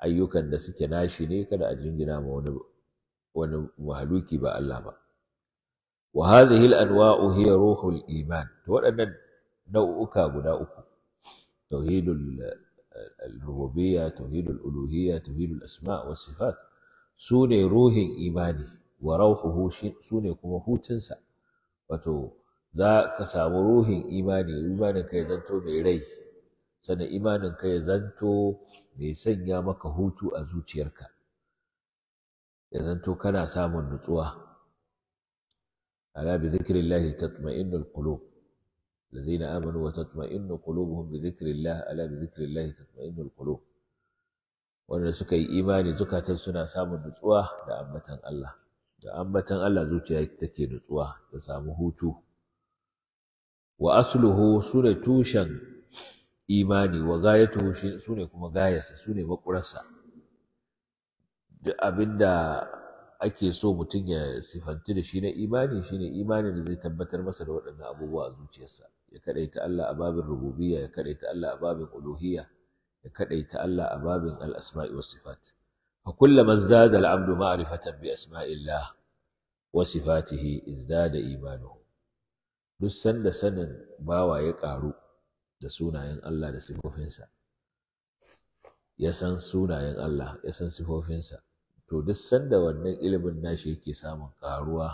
ayyukan da suke nashi ne kada a jingina ma wani wani mahaluki ba Allah ba wa hadhihi al-anwa'u hiya ruhul iman to waɗannan nau'uka guda uku tauhidul eh, al-rububiyya tauhidul uluhiyya tauhidul asma' was sifat sune ruhin imani wa rauhuhu sune kuma hutunsa wato za ka samu ruhin imani imanin ka ya zanto mai rai sannan imanin ka ya zanto mai sanya maka hutu a zuciyarka ya zanto kana samun nutsuwa ألا بذكر الله تطمئن القلوب الذين آمنوا وتطمئن قلوبهم بذكر الله ألا بذكر الله تطمئن القلوب wanda suka yi imani zukatan suna samun nutsuwa da ambatan Allah da ambatan Allah zuciya take nutsuwa ta samu hutu wa asluhu sune tushen imani wa gayatuhu sune kuma gayarsa sune makurarsa duk abinda ake so mutum ya sifanti da shi na imani shine imanin da zai tabbatar masa da waɗannan abubuwa a zuciyarsa ya kadaita Allah a babin rububiyya ya kadaita Allah a babin uluhiyya ya kadaita Allah a babin al-asma'i sifat fa kullama izdada al ma'rifatan bi asma'illah wa sifatihi izdada imanuhu duk sanda sanin bawa ya ƙaru da sunayen Allah da sifofinsa ya san sunayen Allah ya san sifofinsa to duk sanda wannan ilimin nashi yake samun karuwa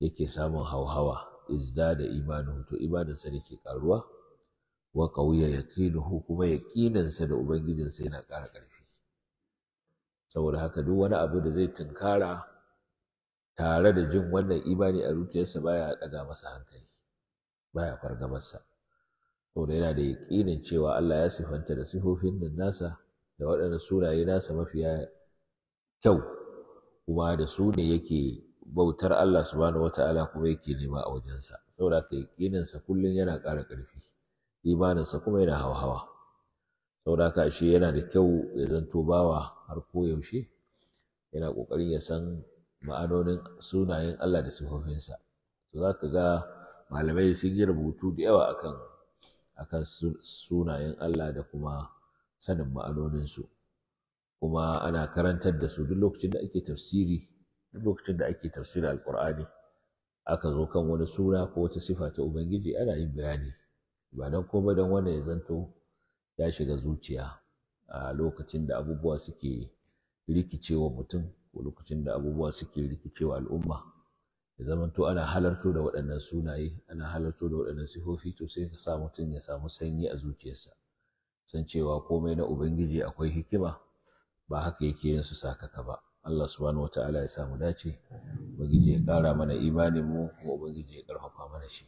yake samun hauhawa izda da imanuhu to imaninsa ne ke karuwa wa qawiya yaqinuhu kuma yaƙinansa da ubangijinsa yana ƙara ƙarfi saboda haka duk wani abu da zai tunkara tare da jin wannan imani a zuciyarsa baya ɗaga masa hankali baya fargabarsa saboda yana da yaƙinin cewa Allah ya sifanta da sifofin nan nasa da waɗannan sunaye nasa mafiya kyau kuma da su ne yake bautar Allah subhanahu wata'ala kuma yake nema a wajensa saboda ka yaƙininsa kullum yana ƙara ƙarfi imaninsa kuma yana hawa-hawa saboda haka shi yana da kyau ya zanto bawa har ko yaushe, yana ƙoƙarin ya san ma'anonin sunayen Allah da sifofinsa to za ka ga malamai sun yi rubutu da yawa akan akan sunayen Allah da kuma sanin ma'anoninsu kuma ana karantar da su duk lokacin da ake tafsiri duk lokacin da ake tafsiri alkur'ani aka zo kan wani sura ko wata sifa ta ubangiji ana yin bayani ba dan komai dan wannan ya zanto ya shiga zuciya a lokacin da abubuwa suke rikicewa mutum ko lokacin da abubuwa suke rikicewa al'umma ya zamanto ana halarto da waɗannan sunaye ana halarto da waɗannan sifofi to sai ka sa mutum ya samu sanyi a zuciyarsa san cewa komai na ubangiji akwai hikima ba haka yake yin su sakaka ba Allah subhanahu wata'ala ya samu dace ubangiji ya kara mana imanin mu kuma ubangiji ya karfafa mana shi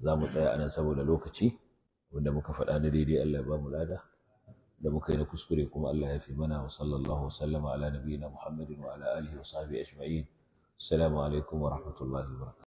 za mu tsaya anan saboda lokaci wanda muka faɗa na daidai Allah ya ba mu lada da muka yi na kuskure kuma Allah ya fi mana wa sallallahu wa sallama ala nabiyina Muhammadin wa ala alihi wa sahbihi ajma'in assalamu alaikum wa rahmatullahi wa barakatuh